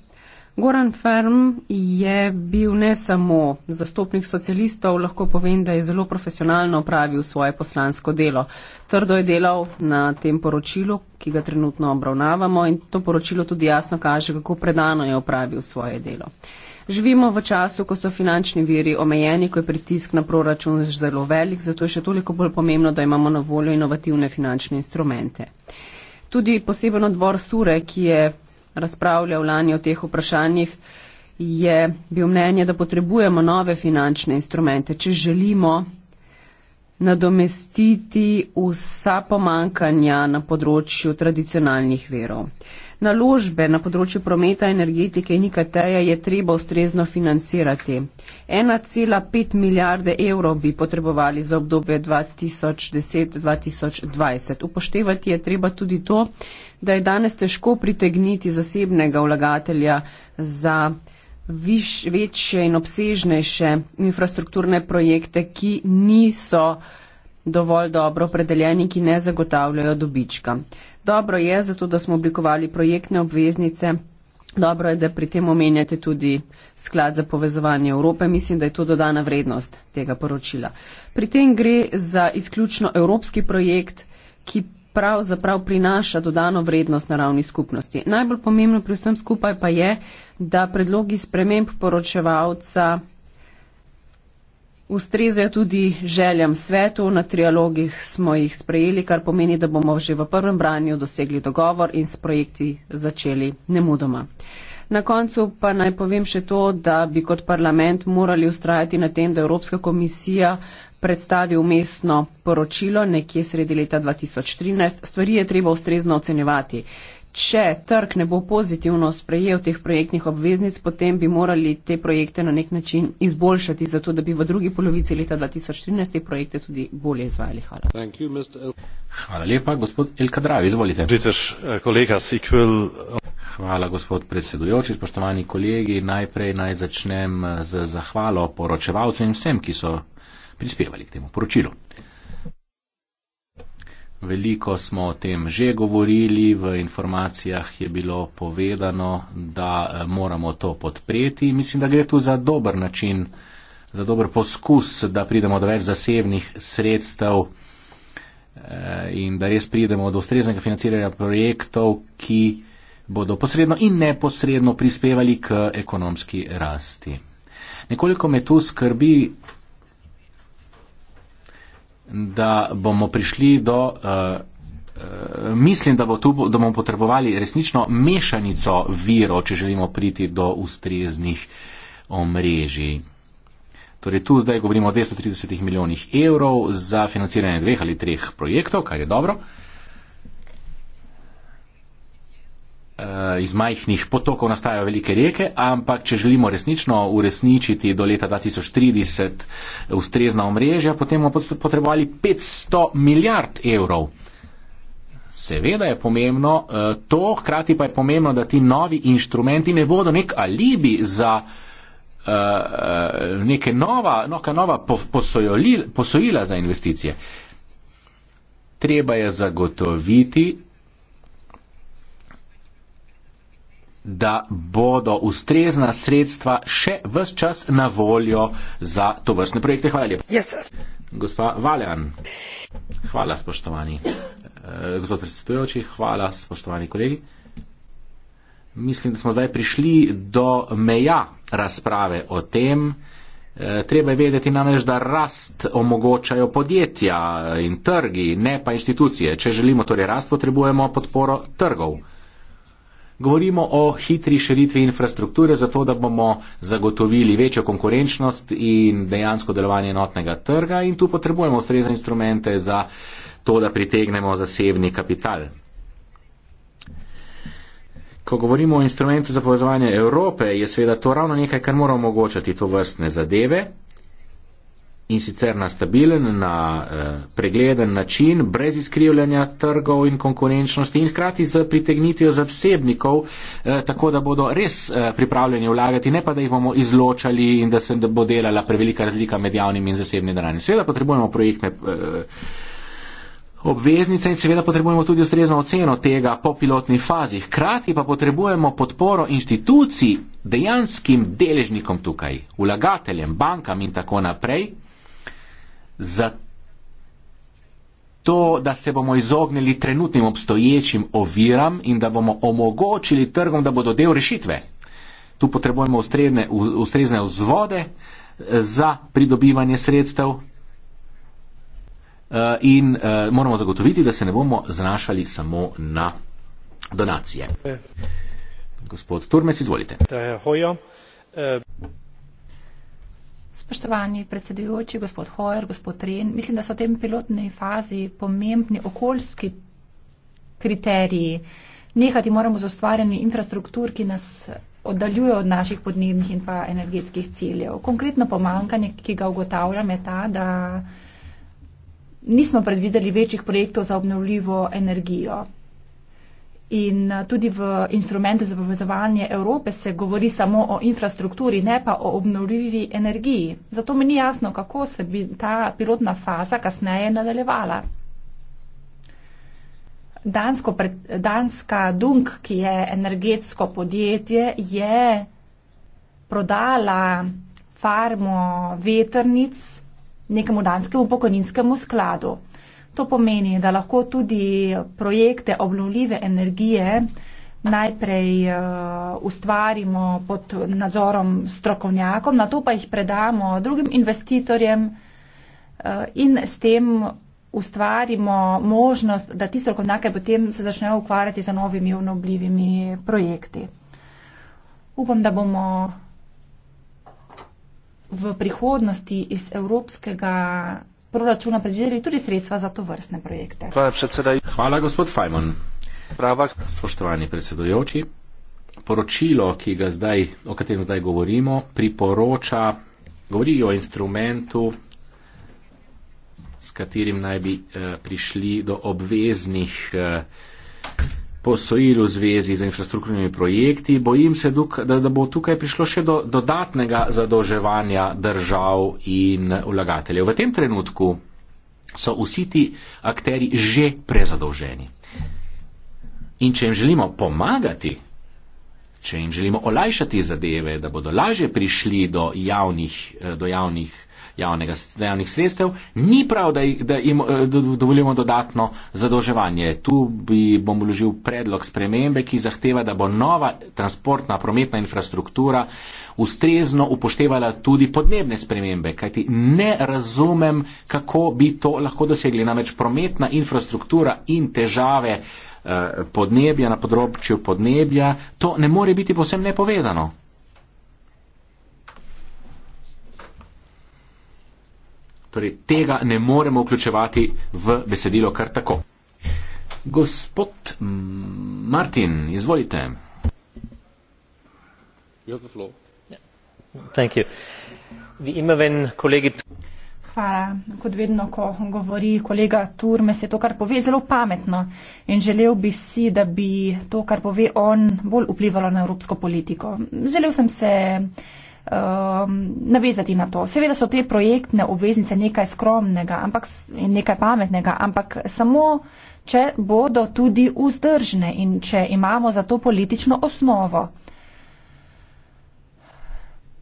Goran Ferm je bil ne samo zastopnik socialistov, lahko povem, da je zelo profesionalno opravil svoje poslansko delo. Trdo je delal na tem poročilu, ki ga trenutno obravnavamo in to poročilo tudi jasno kaže, kako predano je opravil svoje delo. Živimo v času, ko so finančni viri omejeni, ko je pritisk na proračun zelo velik, zato je še toliko bolj pomembno, da imamo na voljo inovativne finančne instrumente. Tudi poseben odbor Sure, ki je razpravljal lani o teh vprašanjih, je bil mnenje, da potrebujemo nove finančne instrumente, če želimo nadomestiti vsa pomankanja na področju tradicionalnih verov. Naložbe na področju prometa, energetike in IKT-ja je treba ustrezno financirati. 1,5 milijarde evrov bi potrebovali za obdobje 2010-2020. Upoštevati je treba tudi to, da je danes težko pritegniti zasebnega vlagatelja za viš, večje in obsežnejše infrastrukturne projekte, ki niso dovolj dobro opredeljeni, ki ne zagotavljajo dobička. Dobro je zato, da smo oblikovali projektne obveznice. Dobro je, da pri tem omenjate tudi sklad za povezovanje Evrope. Mislim, da je to dodana vrednost tega poročila. Pri tem gre za izključno evropski projekt, ki pravzaprav prinaša dodano vrednost na ravni skupnosti. Najbolj pomembno pri vsem skupaj pa je, da predlogi sprememb poročevalca ustrezajo tudi željam svetu. Na trialogih smo jih sprejeli, kar pomeni, da bomo že v prvem branju dosegli dogovor in s projekti začeli nemudoma. Na koncu pa naj povem še to, da bi kot parlament morali ustrajati na tem, da Evropska komisija predstavil mestno poročilo nekje sredi leta 2013, stvari je treba ustrezno ocenjevati. Če trg ne bo pozitivno sprejel teh projektnih obveznic, potem bi morali te projekte na nek način izboljšati, zato da bi v drugi polovici leta 2014 te projekte tudi bolje izvajali. Hvala. You, El Hvala lepa, gospod Elkadravi, izvolite. Eh, Hvala, gospod predsedujoči, spoštovani kolegi. Najprej naj začnem eh, z zahvalo poročevalcem in vsem, ki so prispevali k temu poročilu. Veliko smo o tem že govorili, v informacijah je bilo povedano, da eh, moramo to podpreti. Mislim, da gre tu za dober način, za dober poskus, da pridemo do več zasebnih sredstev eh, in da res pridemo do ustreznega financiranja projektov, ki bodo posredno in neposredno prispevali k ekonomski rasti. Nekoliko me tu skrbi da bomo prišli do. Uh, Mislim, da, bo tu, da bomo potrebovali resnično mešanico virov, če želimo priti do ustreznih omrežij. Torej, tu zdaj govorimo o 230 milijonih evrov za financiranje dveh ali treh projektov, kar je dobro. Uh, Eh, iz majhnih potokov nastajajo velike reke, ampak če želimo resnično uresničiti do leta 2030 ustrezna omrežja, potem bomo potrebovali 500 milijard evrov. Seveda je pomembno eh, to, hkrati pa je pomembno, da ti novi inštrumenti ne bodo nek alibi za eh, neke nova, neka nova posojila za investicije. Treba je zagotoviti da bodo ustrezna sredstva še vse čas na voljo za to vrstne projekte. Hvala lepa. Yes, Gospa Valjan, hvala spoštovani. E, gospod predsedujoči, hvala spoštovani kolegi. Mislim, da smo zdaj prišli do meja razprave o tem. E, treba je vedeti namreč, da rast omogočajo podjetja in trgi, ne pa inštitucije. Če želimo torej rast, potrebujemo podporo trgov. Govorimo o hitri širitvi infrastrukture, zato da bomo zagotovili večjo konkurenčnost in dejansko delovanje enotnega trga in tu potrebujemo ustrezne instrumente za to, da pritegnemo zasebni kapital. Ko govorimo o instrumentu za povezovanje Evrope, je seveda to ravno nekaj, kar mora omogočati to vrstne zadeve in sicer na stabilen, na eh, pregleden način, brez izkrivljanja trgov in konkurenčnosti in hkrati z pritegnitvijo zasebnikov, eh, tako da bodo res eh, pripravljeni vlagati, ne pa da jih bomo izločali in da se bo delala prevelika razlika med javnim in zasebnim denarjem. Seveda potrebujemo projektne obveznice in seveda potrebujemo tudi ustrezno oceno tega po pilotni fazi. Hkrati pa potrebujemo podporo inštitucij dejanskim deležnikom tukaj, vlagateljem, bankam in tako naprej, za to, da se bomo izognili trenutnim obstoječim oviram in da bomo omogočili trgom, da bodo del rešitve. Tu potrebujemo ustredne, ustrezne vzvode eh, za pridobivanje sredstev eh, in eh, moramo zagotoviti, da se ne bomo znašali samo na donacije. Gospod Turmes, izvolite. Da, Spoštovani predsedujoči, gospod Hojer, gospod Ren, mislim, da so v tem pilotni fazi pomembni okoljski kriteriji. Nehati moramo z ustvarjanjem infrastruktur, ki nas oddaljuje od naših podnebnih in pa energetskih ciljev. Konkretno pomankanje, ki ga ugotavljam, je ta, da nismo predvideli večjih projektov za obnovljivo energijo. In eh, tudi v instrumentu za povezovanje Evrope se govori samo o infrastrukturi, ne pa o obnovljivi energiji. Zato mi ni jasno, kako se bi ta pilotna faza kasneje nadaljevala. Dansko, Danska Dunk, ki je energetsko podjetje, je prodala farmo veternic nekemu danskemu pokojninskemu skladu. To pomeni, da lahko tudi projekte obnovljive energije najprej eh, ustvarimo pod nadzorom strokovnjakom, na to pa jih predamo drugim investitorjem eh, in s tem ustvarimo možnost, da ti strokovnjake potem se začnejo ukvarjati za novimi obnovljivimi projekti. Upam, da bomo v prihodnosti iz evropskega proračuna predvideli tudi sredstva za to vrstne projekte. Hvala, predsedaj. Hvala, gospod Fajman. Prava, spoštovani predsedojoči. Poročilo, zdaj, o katerem zdaj govorimo, priporoča, govori o instrumentu, s katerim naj bi eh, prišli do obveznih eh, posojil v zvezi z infrastrukturnimi projekti, bojim se, da, da bo tukaj prišlo še do dodatnega zadolževanja držav in vlagateljev. V tem trenutku so vsi ti akteri že prezadolženi. In če jim želimo pomagati, če jim želimo olajšati zadeve, da bodo lažje prišli do javnih, eh, do javnih javnega, javnih sredstev, ni prav, da, da jim eh, dovolimo dodatno zadolževanje. Tu bi bom vložil predlog spremembe, ki zahteva, da bo nova transportna prometna infrastruktura ustrezno upoštevala tudi podnebne spremembe, kajti ne razumem, kako bi to lahko dosegli. Namreč prometna infrastruktura in težave eh, podnebja na področju podnebja, to ne more biti posebno nepovezano. Torej, tega ne moremo vključevati v besedilo kar tako. Gospod Martin, izvolite. Hvala. Kot vedno, ko govori kolega Turmes, je to, kar pove, zelo pametno in želel bi si, da bi to, kar pove on, bolj vplivalo na evropsko politiko. Želel sem se um, navezati na to. Seveda so te projektne obveznice nekaj skromnega ampak, in nekaj pametnega, ampak samo, če bodo tudi vzdržne in če imamo za to politično osnovo.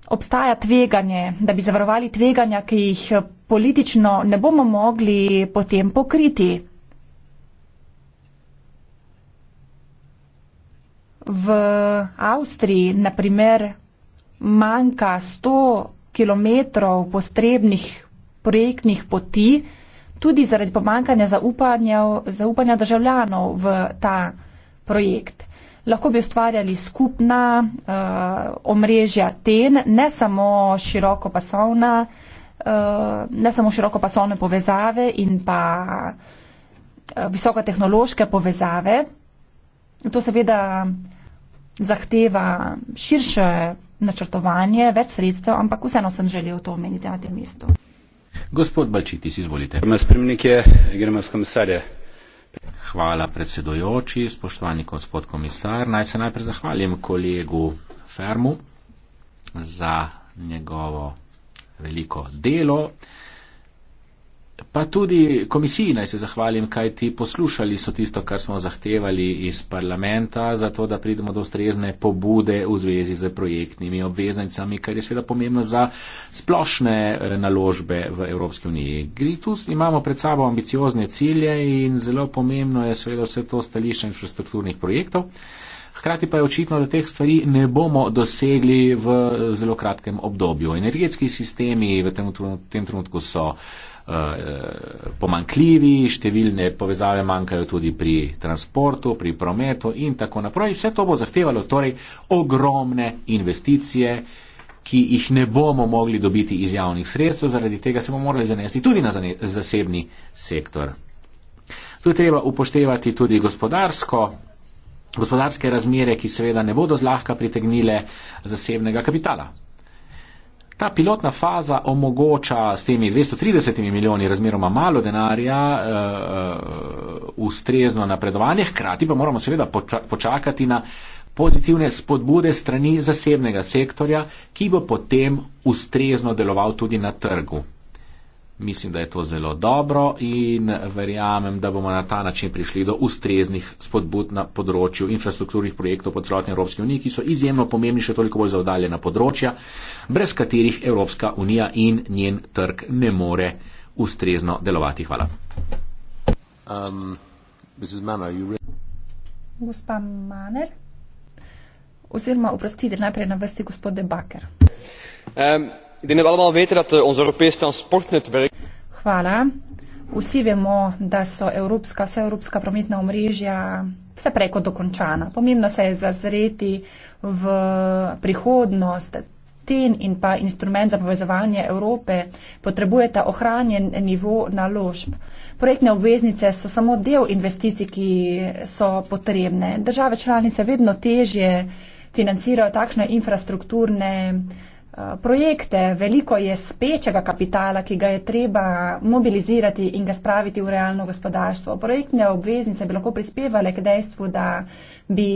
Obstaja tveganje, da bi zavarovali tveganja, ki jih politično ne bomo mogli potem pokriti. V Avstriji, na primer, manjka 100 km potrebnih projektnih poti, tudi zaradi pomankanja zaupanja, zaupanja državljanov v ta projekt. Lahko bi ustvarjali skupna uh, omrežja TEN, ne samo širokopasovna, uh, ne samo širokopasovne povezave in pa eh, visokotehnološke povezave. To seveda zahteva širše načrtovanje, več sredstev, ampak vseeno sem želel to omeniti na tem mestu. Gospod Balčitis, izvolite. Hvala predsedojoči, spoštovani gospod komisar. Naj se najprej zahvalim kolegu Fermu za njegovo veliko delo. Pa tudi komisiji naj se zahvalim, kaj ti poslušali so tisto, kar smo zahtevali iz parlamenta, zato da pridemo do ustrezne pobude v zvezi z projektnimi obveznicami, kar je seveda pomembno za splošne eh, naložbe v Evropski uniji. Gritus imamo pred sabo ambiciozne cilje in zelo pomembno je seveda vse to stališče infrastrukturnih projektov. Hkrati pa je očitno, da teh stvari ne bomo dosegli v eh, zelo kratkem obdobju. Energetski sistemi v tem trenutku so uh, Eh, pomankljivi, številne povezave manjkajo tudi pri transportu, pri prometu in tako naprej. Vse to bo zahtevalo torej ogromne investicije, ki jih ne bomo mogli dobiti iz javnih sredstev, zaradi tega se bomo morali zanesti tudi na zasebni sektor. Tu je treba upoštevati tudi gospodarsko. Gospodarske razmere, ki seveda ne bodo zlahka pritegnile zasebnega kapitala. Ta pilotna faza omogoča s temi 230 milijoni razmeroma malo denarja uh, ustrezno napredovanje, hkrati pa moramo seveda počakati na pozitivne spodbude strani zasebnega sektorja, ki bo potem ustrezno deloval tudi na trgu. Mislim, da je to zelo dobro in verjamem, da bomo na ta način prišli do ustreznih spodbud na področju infrastrukturnih projektov po celotni Evropski uniji, ki so izjemno pomembni, še toliko bolj zaudaljena področja, brez katerih Evropska unija in njen trg ne more ustrezno delovati. Hvala. Um, Gospa Maner, oziroma, oprostite, najprej na vrsti gospod Debaker. Um, Ik denk dat we allemaal weten dat eh, ons Europees transportnetwerk. Hvala. Vsi vemo, da so evropska, vse evropska prometna omrežja vse preko dokončana. Pomembno se je zazreti v prihodnost. TEN in pa instrument za povezovanje Evrope potrebujeta ohranjen nivo naložb. Projektne obveznice so samo del investicij, ki so potrebne. Države članice vedno težje financirajo takšne infrastrukturne. Eh, projekte, veliko je spečega kapitala, ki ga je treba mobilizirati in ga spraviti v realno gospodarstvo. Projektne obveznice bi lahko prispevale k dejstvu, da bi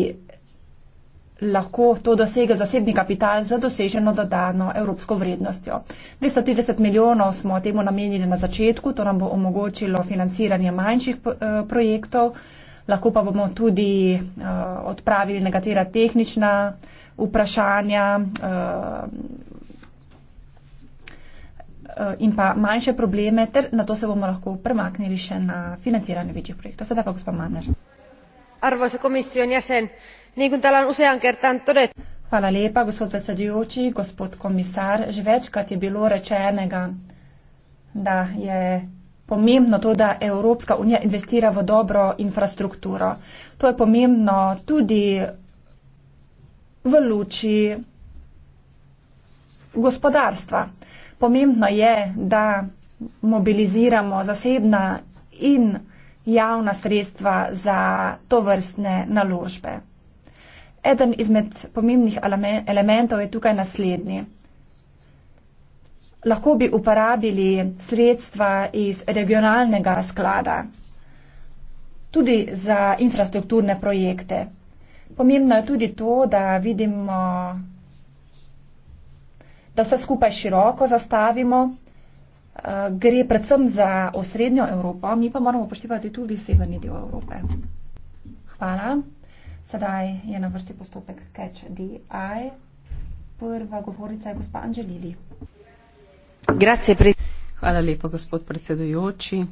lahko to dosegel zasebni kapital za doseženo dodano evropsko vrednostjo. 230 milijonov smo temu namenili na začetku, to nam bo omogočilo financiranje manjših eh, projektov, lahko pa bomo tudi eh, odpravili nekatera tehnična vprašanja eh, eh, in pa manjše probleme, ter na to se bomo lahko premaknili še na financiranje večjih projektov. Sedaj pa gospod Maner. Arvoisa komission jäsen, niin kuin täällä on usean kertaan todettu. Hvala lepa, gospod predsedujoči, gospod komisar. Že večkrat je bilo rečenega, da je pomembno to, da Evropska unija investira v dobro infrastrukturo. To je pomembno tudi v luči gospodarstva. Pomembno je, da mobiliziramo zasebna in javna sredstva za to vrstne naložbe. Eden izmed pomembnih elementov je tukaj naslednji. Lahko bi uporabili sredstva iz regionalnega sklada tudi za infrastrukturne projekte. Pomembno je tudi to, da vidimo, da vse skupaj široko zastavimo. Eh, gre predvsem za osrednjo Evropo, mi pa moramo poštivati tudi severni del Evrope. Hvala. Sedaj je na vrsti postopek Catch DI. Prva govorica je gospa Anželili. Hvala lepa, gospod predsedujoči.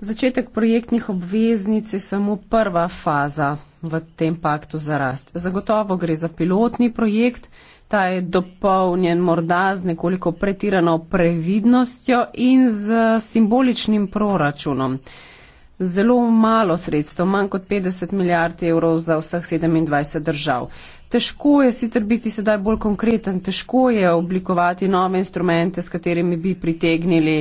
Začetek projektnih obveznic je samo prva faza v tem paktu za rast. Zagotovo gre za pilotni projekt, ta je dopolnjen morda z nekoliko pretirano previdnostjo in z simboličnim proračunom. Zelo malo sredstev, manj kot 50 milijard evrov za vseh 27 držav. Težko je sicer biti sedaj bolj konkreten, težko je oblikovati nove instrumente, s katerimi bi pritegnili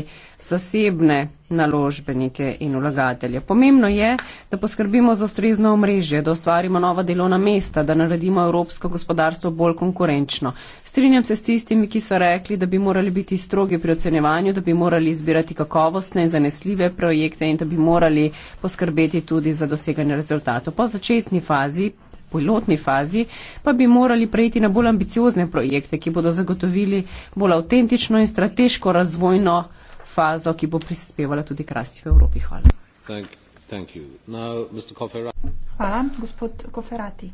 zasebne naložbenike in vlagatelje. Pomembno je, da poskrbimo za ustrezno omrežje, da ustvarimo nova delovna mesta, da naredimo evropsko gospodarstvo bolj konkurenčno. Strinjam se s tistimi, ki so rekli, da bi morali biti strogi pri ocenjevanju, da bi morali izbirati kakovostne in zanesljive projekte in da bi morali poskrbeti tudi za doseganje rezultatov. Po začetni fazi pilotni fazi pa bi morali preiti na bolj ambiciozne projekte, ki bodo zagotovili bolj avtentično in strateško razvojno fazo, ki bo prispevala tudi k rasti v Evropi. Hvala. Thank you. Now, Mr. Cofferati. Hvala, gospod Koferati.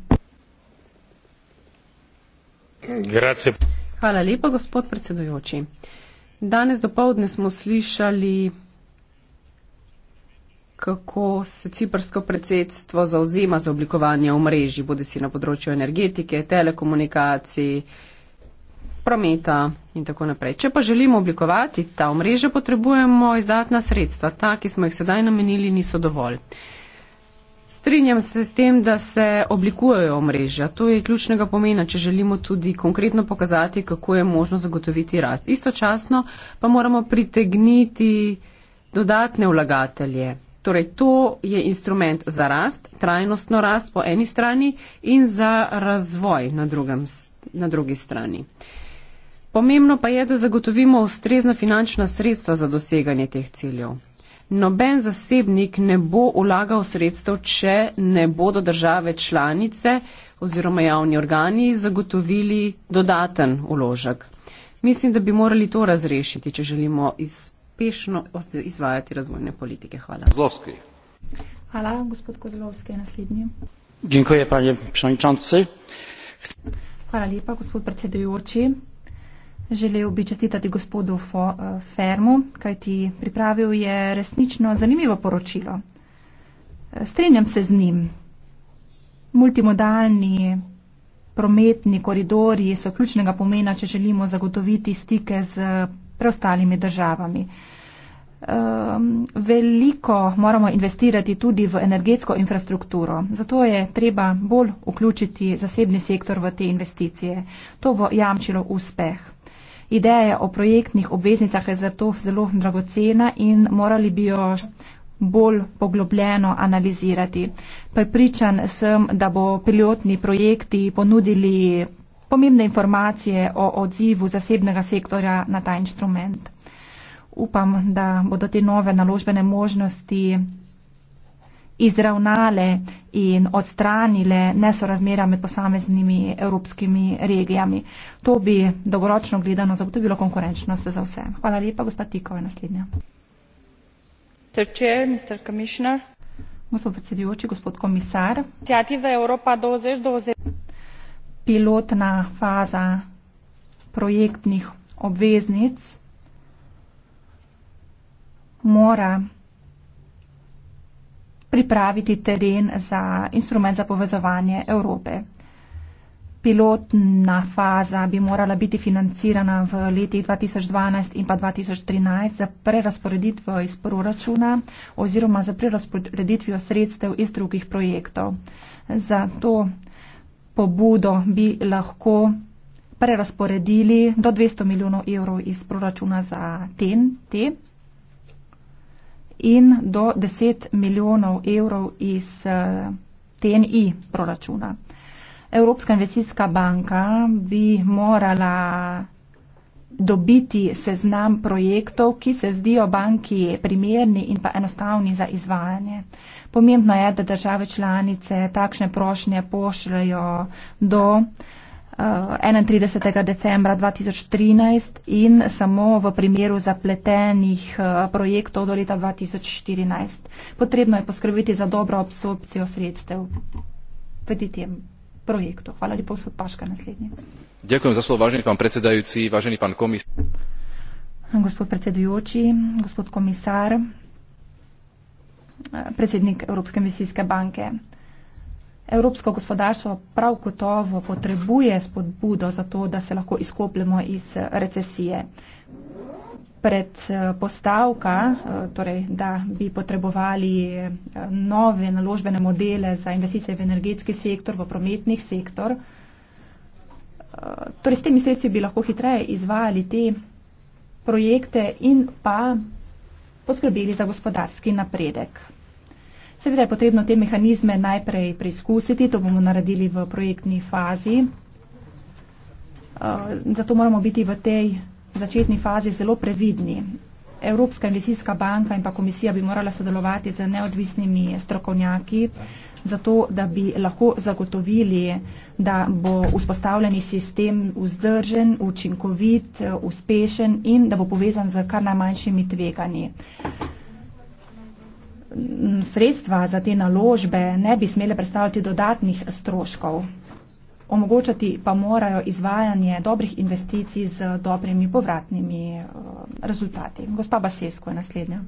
Grazie. Hvala lepa, gospod predsedujoči. Danes do povdne smo slišali kako se ciprsko predsedstvo zauzema za oblikovanje omrežji, bodi si na področju energetike, telekomunikacij, prometa in tako naprej. Če pa želimo oblikovati ta omrežja, potrebujemo izdatna sredstva. Ta, ki smo jih sedaj namenili, niso dovolj. Strinjam se s tem, da se oblikujejo omrežja. To je ključnega pomena, če želimo tudi konkretno pokazati, kako je možno zagotoviti rast. Istočasno pa moramo pritegniti dodatne vlagatelje. Torej, to je instrument za rast, trajnostno rast po eni strani in za razvoj na, drugem, na drugi strani. Pomembno pa je, da zagotovimo ustrezna finančna sredstva za doseganje teh ciljev. Noben zasebnik ne bo ulagal sredstev, če ne bodo države članice oziroma javni organi zagotovili dodaten uložek. Mislim, da bi morali to razrešiti, če želimo izpraviti uspešno izvajati razvojne politike. Hvala. Zlovski. Hvala, gospod Kozlovski, naslednji. Dziękuję, panie przewodniczący. Hvala lepa, gospod predsedujoči. Želel bi čestitati gospodu Fo, eh, Fermu, kaj ti pripravil je resnično zanimivo poročilo. Eh, Strenjam se z njim. Multimodalni prometni koridori so ključnega pomena, če želimo zagotoviti stike z preostalimi državami. Ehm, veliko moramo investirati tudi v energetsko infrastrukturo, zato je treba bolj vključiti zasebni sektor v te investicije. To bo jamčilo uspeh. Ideja o projektnih obveznicah je zato zelo dragocena in morali bi jo bolj poglobljeno analizirati. Pripričan sem, da bo pilotni projekti ponudili pomembne informacije o odzivu zasebnega sektorja na ta inštrument. Upam, da bodo te nove naložbene možnosti izravnale in odstranile nesorazmera med posameznimi evropskimi regijami. To bi dolgoročno gledano zagotovilo konkurenčnost za vse. Hvala lepa, gospod Tikova, naslednja. Gospod predsedujoči, gospod komisar. 20, 20 pilotna faza projektnih obveznic mora pripraviti teren za instrument za povezovanje Evrope. Pilotna faza bi morala biti financirana v letih 2012 in pa 2013 za prerasporeditvo iz proračuna oziroma za prerasporeditvijo sredstev iz drugih projektov. Zato pobudo bi lahko prerasporedili do 200 milijonov evrov iz proračuna za TNT in do 10 milijonov evrov iz eh, TNI proračuna. Evropska investicijska banka bi morala dobiti seznam projektov, ki se zdijo banki primerni in pa enostavni za izvajanje. Pomembno je, da države članice takšne prošnje pošljajo do uh, 31. decembra 2013 in samo v primeru zapletenih uh, projektov do leta 2014. Potrebno je poskrbeti za dobro absorpcijo sredstev v tem projektu. Hvala lepo, gospod Paška, naslednji vážený pán predsedajúci vážený pán komisár predsedník európskej investičnej banke európsko gospodarstvo prav gotovo potrebuje spodbudo zato da se lahko izkopljemo iz recesije predpostavka torej da bi potrebovali eh, nove naložbene modele za investicije v energetski sektor v prometni sektor torej s temi sredstvi bi lahko hitreje izvajali te projekte in pa poskrbeli za gospodarski napredek. Seveda je potrebno te mehanizme najprej preizkusiti, to bomo naredili v projektni fazi. Eh, zato moramo biti v tej začetni fazi zelo previdni. Evropska investicijska banka in pa komisija bi morala sodelovati z neodvisnimi strokovnjaki, zato da bi lahko zagotovili, da bo vzpostavljeni sistem vzdržen, učinkovit, uspešen in da bo povezan z kar najmanjšimi tveganji. Sredstva za te naložbe ne bi smele predstavljati dodatnih stroškov. Omogočati pa morajo izvajanje dobrih investicij z dobrimi povratnimi eh, rezultati. Gospa Basesko je naslednja.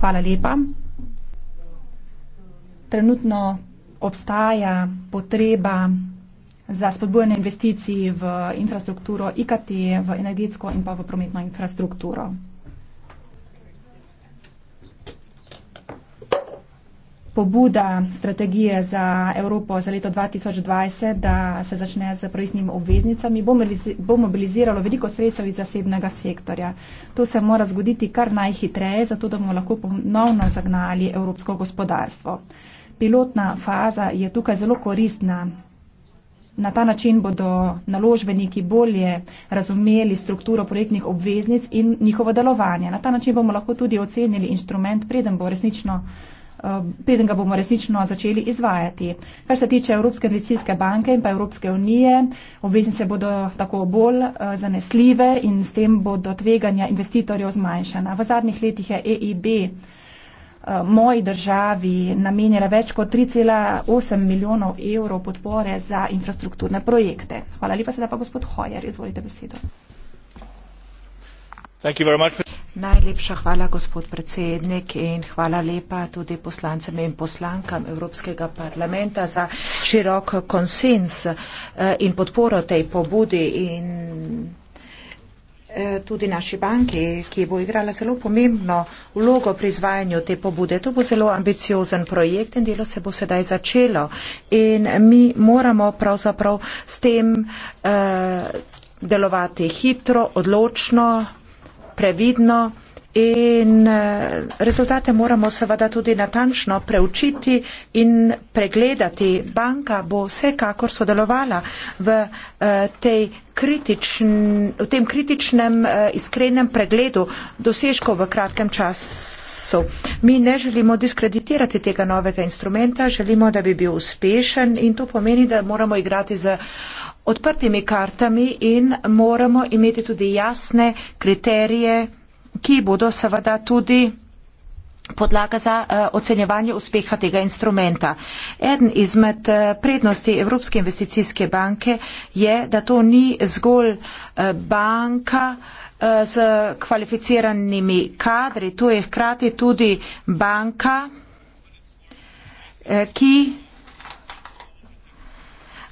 Hvala lepa trenutno obstaja potreba za spodbujanje investicij v infrastrukturo IKT, v energetsko in pa v prometno infrastrukturo. Pobuda strategije za Evropo za leto 2020, da se začne z projektnimi obveznicami, bo mobiliziralo veliko sredstev iz zasebnega sektorja. To se mora zgoditi kar najhitreje, zato da bomo lahko ponovno zagnali evropsko gospodarstvo. Uh, pilotna faza je tukaj zelo koristna. Na ta način bodo naložbeniki bolje razumeli strukturo projektnih obveznic in njihovo delovanje. Na ta način bomo lahko tudi ocenili inštrument, preden, bo resnično, eh, preden ga bomo resnično začeli izvajati. Kar se tiče Evropske investicijske banke in pa Evropske unije, obveznice bodo tako bolj eh, zanesljive in s tem bodo tveganja investitorjev zmanjšana. V zadnjih letih je EIB Eh, moji državi namenjala več kot 3,8 milijonov evrov podpore za infrastrukturne projekte. Hvala lepa, sedaj pa gospod Hojer, izvolite besedo. Najlepša hvala, gospod predsednik, in hvala lepa tudi poslancem in poslankam Evropskega parlamenta za širok konsens eh, in podporo tej pobudi in Eh, tudi naši banki, ki bo igrala zelo pomembno vlogo pri izvajanju te pobude. To bo zelo ambiciozen projekt in delo se bo sedaj začelo. In mi moramo pravzaprav s tem uh, delovati hitro, odločno, previdno in eh, rezultate moramo seveda tudi natančno preučiti in pregledati. Banka bo vsekakor sodelovala v, eh, tej kritičn, v tem kritičnem eh, iskrenem pregledu dosežkov v kratkem času. Mi ne želimo diskreditirati tega novega instrumenta, želimo, da bi bil uspešen in to pomeni, da moramo igrati z odprtimi kartami in moramo imeti tudi jasne kriterije ki bodo seveda tudi podlaga za eh, ocenjevanje uspeha tega instrumenta. Eden izmed eh, prednosti Evropske investicijske banke je, da to ni zgolj eh, banka z kvalificiranimi kadri, to je hkrati tudi banka, ki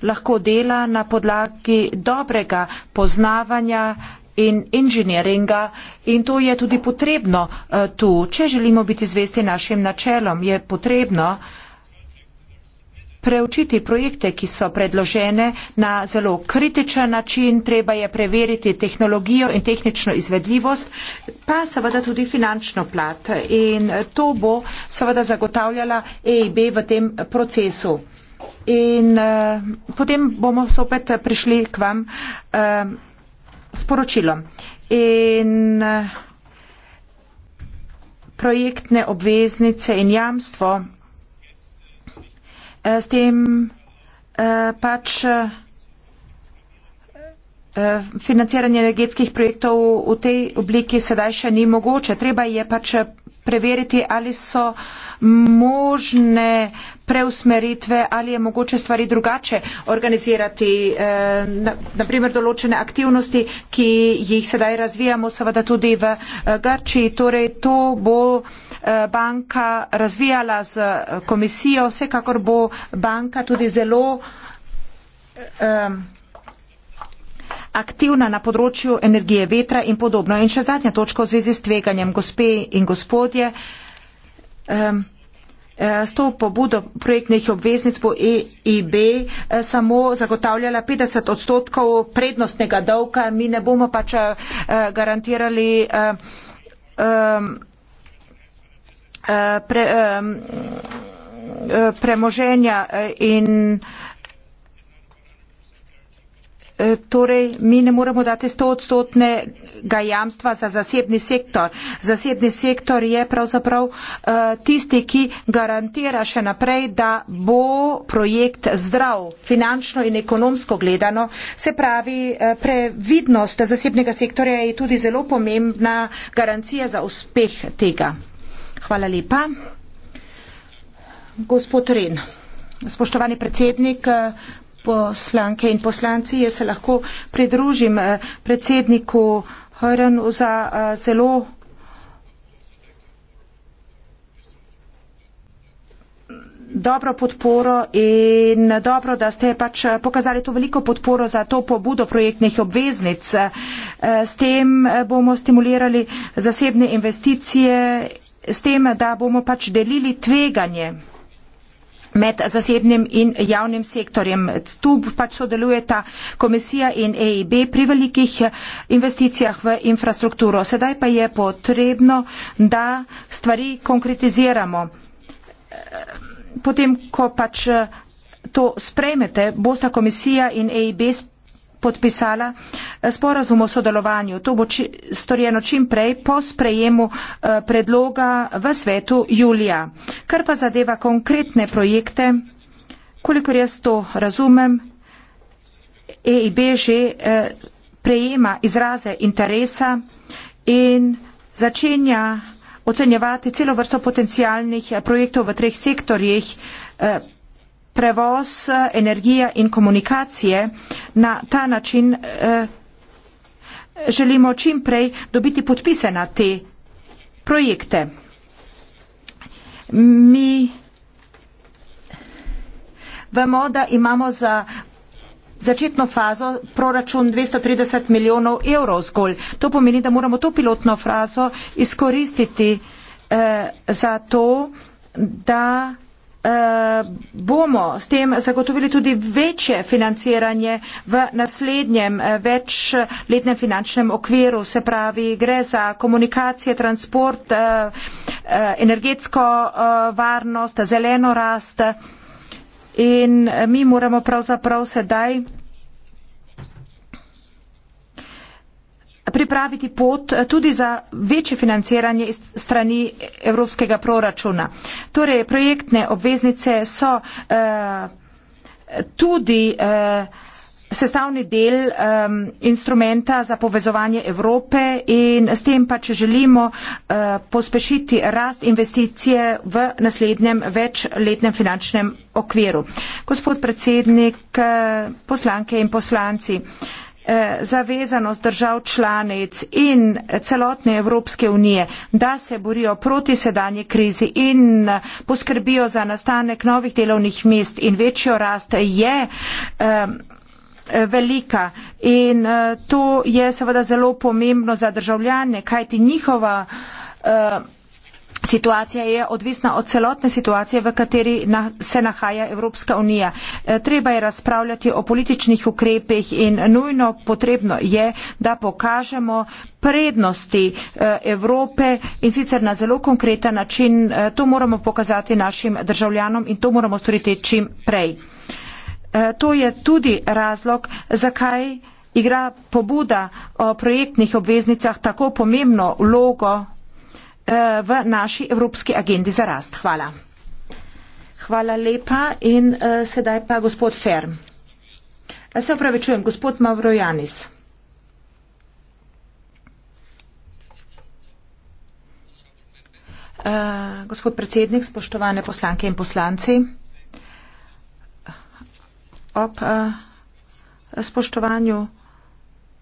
lahko dela na podlagi dobrega poznavanja in inženiringa in to je tudi potrebno uh, tu. Če želimo biti zvesti našim načelom, je potrebno preučiti projekte, ki so predložene na zelo kritičen način, treba je preveriti tehnologijo in tehnično izvedljivost, pa seveda tudi finančno plat. In eh, to bo seveda zagotavljala EIB v tem procesu. In uh, potem bomo sopet prišli k vam. Uh, sporočilo. In eh, projektne obveznice in jamstvo eh, s tem eh, pač Eh, financiranje energetskih projektov v tej obliki sedaj še ni mogoče. Treba je pač preveriti, ali so možne preusmeritve, ali je mogoče stvari drugače organizirati. Eh, Naprimer, določene aktivnosti, ki jih sedaj razvijamo, seveda tudi v eh, Grči. Torej, to bo banka razvijala z komisijo. Vsekakor bo banka tudi zelo. Um, aktivna na področju energije vetra in podobno. In še zadnja točka v zvezi s tveganjem, gospe in gospodje. Um, S to pobudo projektnih obveznic bo EIB e, samo zagotavljala 50 odstotkov prednostnega davka, mi ne bomo pač e, garantirali pre, premoženja in E, torej mi ne moremo dati 100 odstotnega jamstva za zasebni sektor. Zasebni sektor je pravzaprav e, tisti, ki garantira še naprej, da bo projekt zdrav finančno in ekonomsko gledano. Se pravi, e, previdnost zasebnega sektorja je tudi zelo pomembna garancija za uspeh tega. Hvala lepa. Gospod Ren, spoštovani predsednik, poslanke in poslanci. Jaz se lahko pridružim eh, predsedniku Hrnu za eh, zelo dobro podporo in dobro, da ste pač eh, pokazali to veliko podporo za to pobudo projektnih obveznic. S tem bomo stimulirali zasebne investicije, s tem, da bomo pač delili tveganje med zasebnim in javnim sektorjem. Tu pač sodelujeta komisija in EIB pri velikih eh, investicijah v infrastrukturo. Sedaj pa je potrebno, da stvari konkretiziramo. Potem, ko pač eh, to spremete, bosta komisija in EIB podpisala eh, sporazum o sodelovanju. To bo či, storjeno čim prej po sprejemu eh, predloga v svetu julija. Kar pa zadeva konkretne projekte, kolikor jaz to razumem, EIB že eh, prejema izraze interesa in začenja ocenjevati celo vrsto potencijalnih projektov v treh sektorjih prevoz, eh, energija in komunikacije na ta način eh, želimo čim prej dobiti podpise na te projekte. Mi vemo, da imamo za začetno fazo proračun 230 milijonov evrov zgolj. To pomeni, da moramo to pilotno fazo izkoristiti eh, za to, da Eh, bomo s tem zagotovili tudi večje financiranje v naslednjem eh, večletnem finančnem okviru, se pravi gre za komunikacije, transport, eh, energetsko varnost, zeleno rast in mi moramo pravzaprav sedaj pripraviti pot eh, tudi za večje financiranje strani evropskega proračuna. Torej, projektne obveznice so uh, tudi uh, sestavni del um, instrumenta za povezovanje Evrope in s tem pa, če želimo uh, pospešiti rast investicije v naslednjem večletnem finančnem okviru. Gospod predsednik, uh, poslanke in poslanci, uh, Eh, zavezanost držav članic in celotne Evropske unije, da se borijo proti sedanji krizi in eh, poskrbijo za nastanek novih delovnih mest in večjo rast je eh, velika in to je seveda zelo pomembno za državljane, kajti njihova Situacija je odvisna od celotne situacije, v kateri se nahaja Evropska unija. E, treba je razpravljati o političnih ukrepih in nujno potrebno je, da pokažemo prednosti e, Evrope in sicer na zelo konkreten način. E, to moramo pokazati našim državljanom in to moramo storiti čim prej. To je tudi razlog, zakaj igra pobuda o projektnih obveznicah tako pomembno vlogo Eh, v naši evropski agendi za rast. Hvala. Hvala lepa in uh, sedaj pa gospod Fer. Ja eh, se opravičujem, gospod Mavrojanis. Uh, gospod predsednik, spoštovane poslanke in poslanci, ob uh, spoštovanju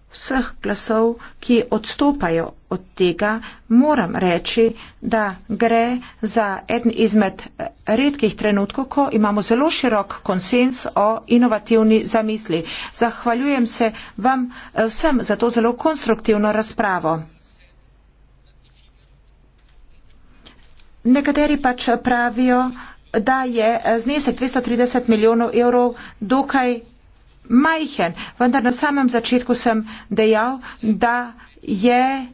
vseh glasov, ki odstopajo od tega, moram reči, da gre za en izmed eh, redkih trenutkov, ko imamo zelo širok konsens o inovativni zamisli. Zahvaljujem se vam eh, vsem za to zelo konstruktivno razpravo. Nekateri pač pravijo, da je eh, znesek 230 milijonov evrov dokaj majhen, vendar na samem začetku sem dejal, da je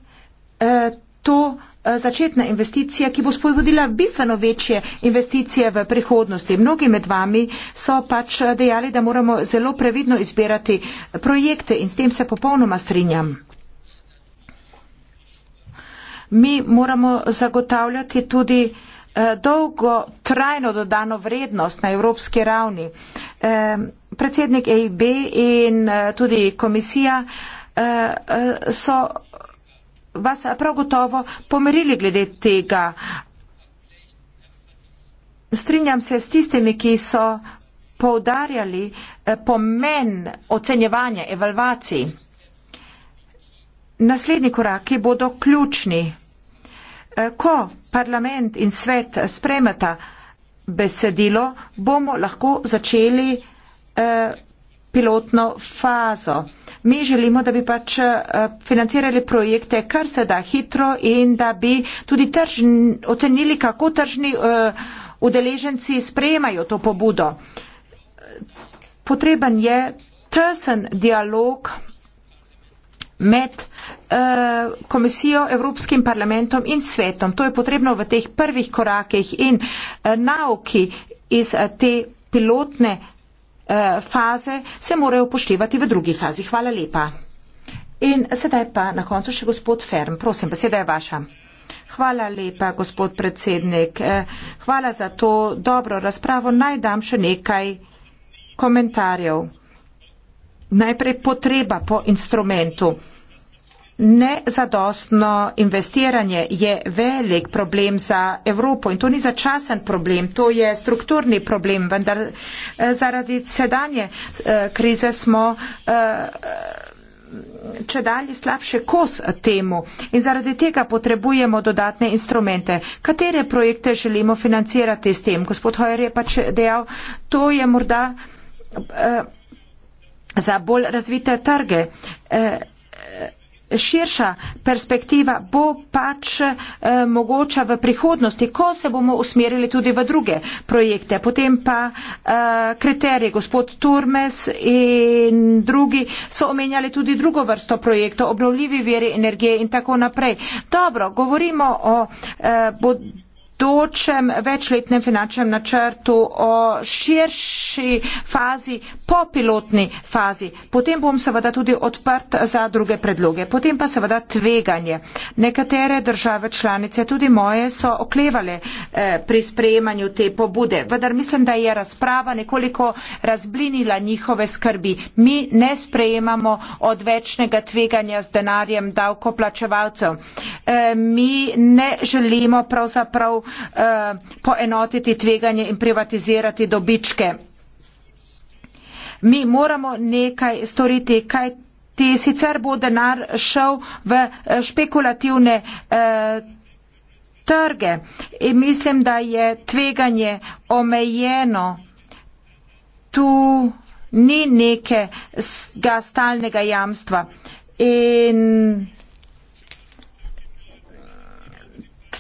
eh, to eh, začetna investicija, ki bo spodbudila bistveno večje investicije v prihodnosti. Mnogi med vami so pač eh, dejali, da moramo zelo previdno izbirati projekte in s tem se popolnoma strinjam. Mi moramo zagotavljati tudi dolgo trajno dodano vrednost na evropski ravni predsednik EIB in uh, tudi komisija uh, uh, so vas prav gotovo pomerili glede tega. Strinjam se s tistimi, ki so poudarjali pomen ocenjevanja, evalvacij. Naslednji koraki bodo ključni. Ko parlament in svet spremeta besedilo, bomo lahko začeli pilotno fazo. Mi želimo, da bi pač eh, financirali projekte kar se da hitro in da bi tudi tržni, ocenili, kako tržni eh, udeleženci sprejemajo to pobudo. Potreben je tesen dialog med eh, komisijo, Evropskim parlamentom in svetom. To je potrebno v teh prvih korakih in nauki iz te pilotne Eh, faze se morajo upoštevati v drugi fazi. Hvala lepa. In sedaj pa na koncu še gospod Ferm. Prosim, beseda je vaša. Hvala lepa, gospod predsednik. Eh, hvala za to dobro razpravo. Naj dam še nekaj komentarjev. Najprej potreba po instrumentu. Nezadostno investiranje je velik problem za Evropo in to ni začasen problem, to je strukturni problem, vendar eh, zaradi sedanje eh, krize smo eh, če dalje slabše kos temu in zaradi tega potrebujemo dodatne instrumente. Katere projekte želimo financirati s tem? Gospod Hojer je pač dejal, to je morda za bolj razvite trge širša perspektiva bo pač eh, mogoča v prihodnosti, ko se bomo usmerili tudi v druge projekte. Potem pa eh, kriterije, gospod Turmes in drugi so omenjali tudi drugo vrsto projektov, obnovljivi veri energije in tako naprej. Dobro, govorimo o eh, bodočnosti bodočem večletnem finančnem načrtu, o širši fazi, popilotni fazi. Potem bom seveda tudi odprt za druge predloge. Potem pa seveda tveganje. Nekatere države članice, tudi moje, so oklevale eh, pri sprejemanju te pobude. Vendar mislim, da je razprava nekoliko razblinila njihove skrbi. Mi ne sprejemamo odvečnega tveganja z denarjem davkoplačevalcev. Eh, mi ne želimo pravzaprav eh, poenotiti tveganje in privatizirati dobičke. Mi moramo nekaj storiti, kaj ti sicer bo denar šel v eh, špekulativne eh, trge. In mislim, da je tveganje omejeno. Tu ni nekega stalnega jamstva. In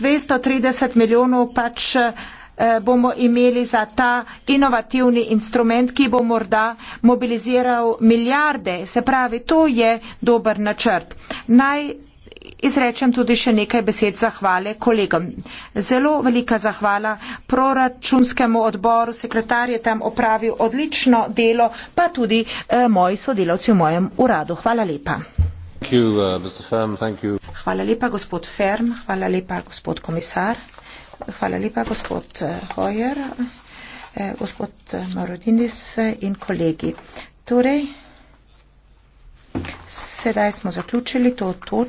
230 milijonov pač eh, bomo imeli za ta inovativni instrument, ki bo morda mobiliziral milijarde. Se pravi, to je dober načrt. Naj izrečem tudi še nekaj besed zahvale kolegom. Zelo velika zahvala proračunskemu odboru, sekretar je tam opravil odlično delo, pa tudi eh, moji sodelavci v mojem uradu. Hvala lepa. Uh, hvala lepa, gospod Ferm, hvala lepa, gospod komisar, hvala lepa, gospod uh, Hoyer, uh, gospod Marodinis in kolegi. Torej, sedaj smo zaključili to točko.